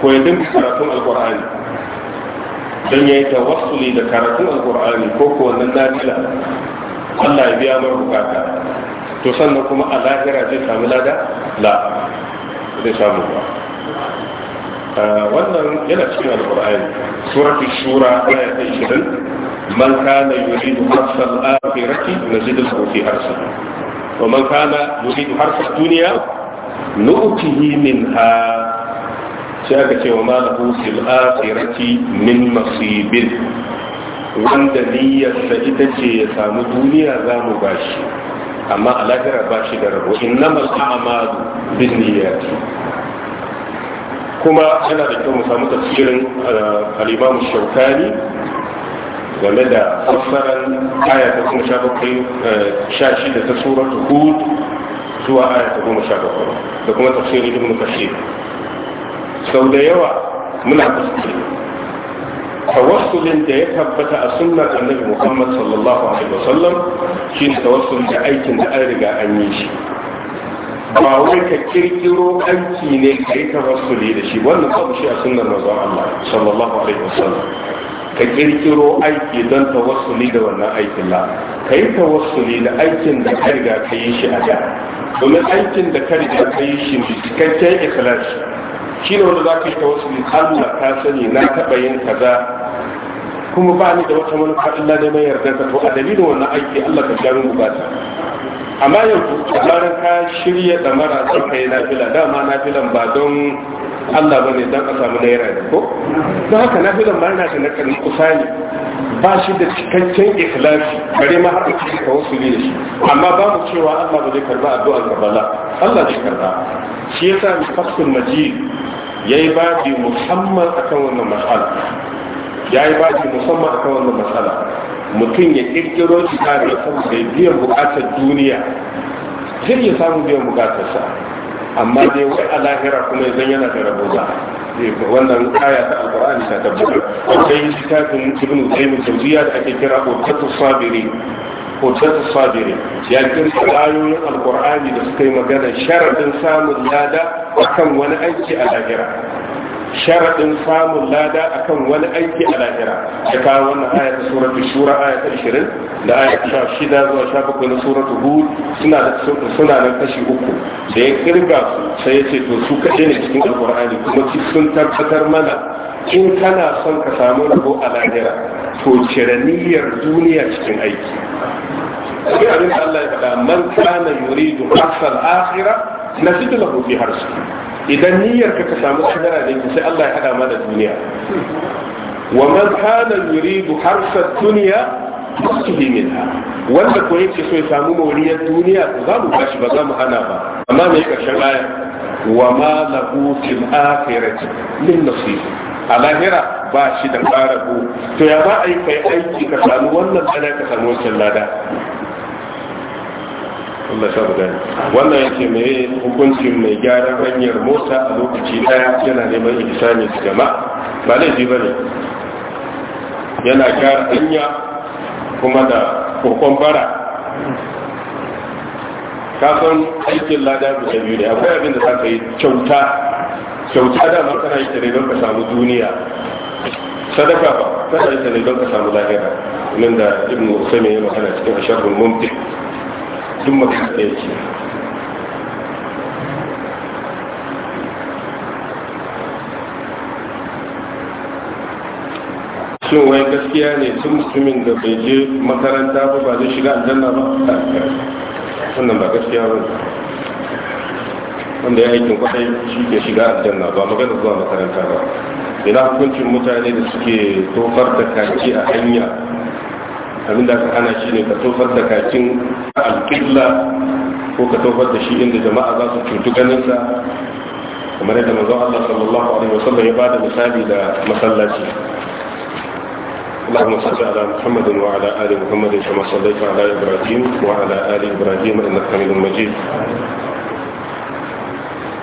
ko ya dinga karatun alkur'ani don ya yi tawassuli da karatun alkur'ani ko ko wannan nafila Allah ya biya mar bukata to sannan kuma a lahira zai samu lada la zai samu ba ah, wannan yana cikin alqur'ani suratu shura aya ta 20 man kana yuridu harsa al-akhirati nazid lahu fi harsa wa man kana yuridu harsa ad-dunya nu'tihi minha sai aka ce wa ma lahu fil akhirati min nasibin wanda niyyarsa ita ce ya samu duniya za mu ba shi amma a ba shi da rabo masu a'malu bin niyyati kuma yana da kyau mu samu tafsirin eh, alimamu shaukani game da fassarar aya ta kuma sha bakwai eh, sha da ta tsoron hud zuwa aya ta goma sha bakwai da kuma tafsirin ibn kashi sau da yawa muna fassarar tawassulin da ya tabbata a sunnar annabi muhammad sallallahu alaihi wasallam ne tawassul da aikin da an riga an yi shi ba wai ka kirkiro aiki ne ka yi tawassuli da shi wannan babu shi a sunnar manzon Allah sallallahu alaihi wasallam ka kirkiro aiki don tawassuli da wannan aikin la ka yi tawassuli da aikin da ka riga ka yi shi a da domin aikin da ka riga ka yi shi ne cikakken ikhlasi shi ne wanda za ka yi ta wasu Allah ka sani na taɓa yin kaza kuma ba ni da wata manufa illa ne mai yarda ka to a dalilin wannan aiki Allah ka jarin bukata amma yanzu labarin ka shirya damara sun kai nafila dama nafilan ba don Allah ba ne don a samu naira ne ko don haka nafilan ba na da na kusa ne ba shi da cikakken ikhlasi bare ma har ake ka wasu ne shi amma ba mu cewa Allah ba zai karba addu'ar ka bala Allah zai karba shi yasa mi fasul majid yayi bi musamman akan wannan mas'ala yayi babi musamman akan wannan mas'ala mutum ya kirkiro shi da saboda biyan bukatar duniya sai ya samu biyan sa amma dai wai a lahira kuma idan yana da rabota wannan aya ta alqur'ani ta tabbata akwai littafin ibnu qayyim tawziya da ake kira ubatu sabiri hoton sabiri ya kirsa layoyin alkur'ani da suka yi magana sharaɗin samun lada akan wani aiki a lahira sharaɗin samun lada akan wani aiki a lahira ya kawo wannan ayat suratu shura ayat 20 da ayat 16 zuwa 17 na suratu hud suna suna nan kashi uku da ya kirga su sai ya ce to su kaɗai ne cikin alkur'ani kuma sun tabbatar mana in kana son ka samu rabo a lahira to cire niyyar duniya cikin aiki sai abin da Allah ya faɗa man kana yuridu hasal akhira nasidu lahu fi harsi idan niyyar ka ta samu kadara da sai Allah ya hada ma da duniya wa man kana yuridu harsa dunya nafsihi minha wanda ko yake so ya samu moriyar duniya za mu bashi ba za mu hana ba amma mai karshen aya wa ma lahu fil akhirati min nasib a lahira ba shi da ƙarabu to ya za a yi kai aiki ka samu wannan lada ka samu wancan lada Allah ya samu gani wannan yake mai hukuncin mai gyaran hanyar mota a lokaci daya yana neman ihsani ga jama'a ba laifi bane yana gyara hanya kuma da kokon bara kafin aikin lada da biyu ne akwai abin da za ka yi kyauta kyauta da makana yake ne don ka samu duniya sadaka ba ta da ita ne don ka samu lahira nan da ibn usaimi ya magana cikin asharhul mumti duk magana da yake shin wai gaskiya ne su musulmin da bai je makaranta ba ba zai shiga aljanna ba wannan ba gaskiya ba wanda ya aikin kwadai shi ke shiga aljanna ba magana zuwa makaranta ba ina hukuncin mutane da suke tofar da kaki a hanya abin da aka hana shi ne ka tofar da kakin alƙilla ko ka tofar da shi inda jama'a za su cutu ganinsa kamar yadda mazan Allah sallallahu alaihi wasallam ya bada misali da masallaci اللهم صل على محمد وعلى ال محمد كما صليت على ابراهيم وعلى ال ابراهيم انك حميد مجيد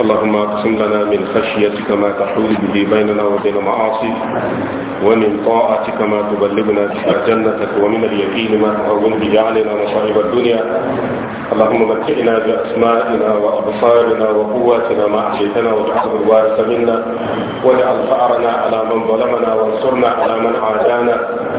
اللهم اقسم لنا من خشيتك ما تحول به بيننا وبين معاصيك ومن طاعتك ما تبلغنا بها جنتك ومن اليقين ما تهون به علينا مصائب الدنيا اللهم متعنا باسمائنا وابصارنا وقواتنا ما احييتنا واجعله الوارث منا واجعل ثارنا على من ظلمنا وانصرنا على من عادانا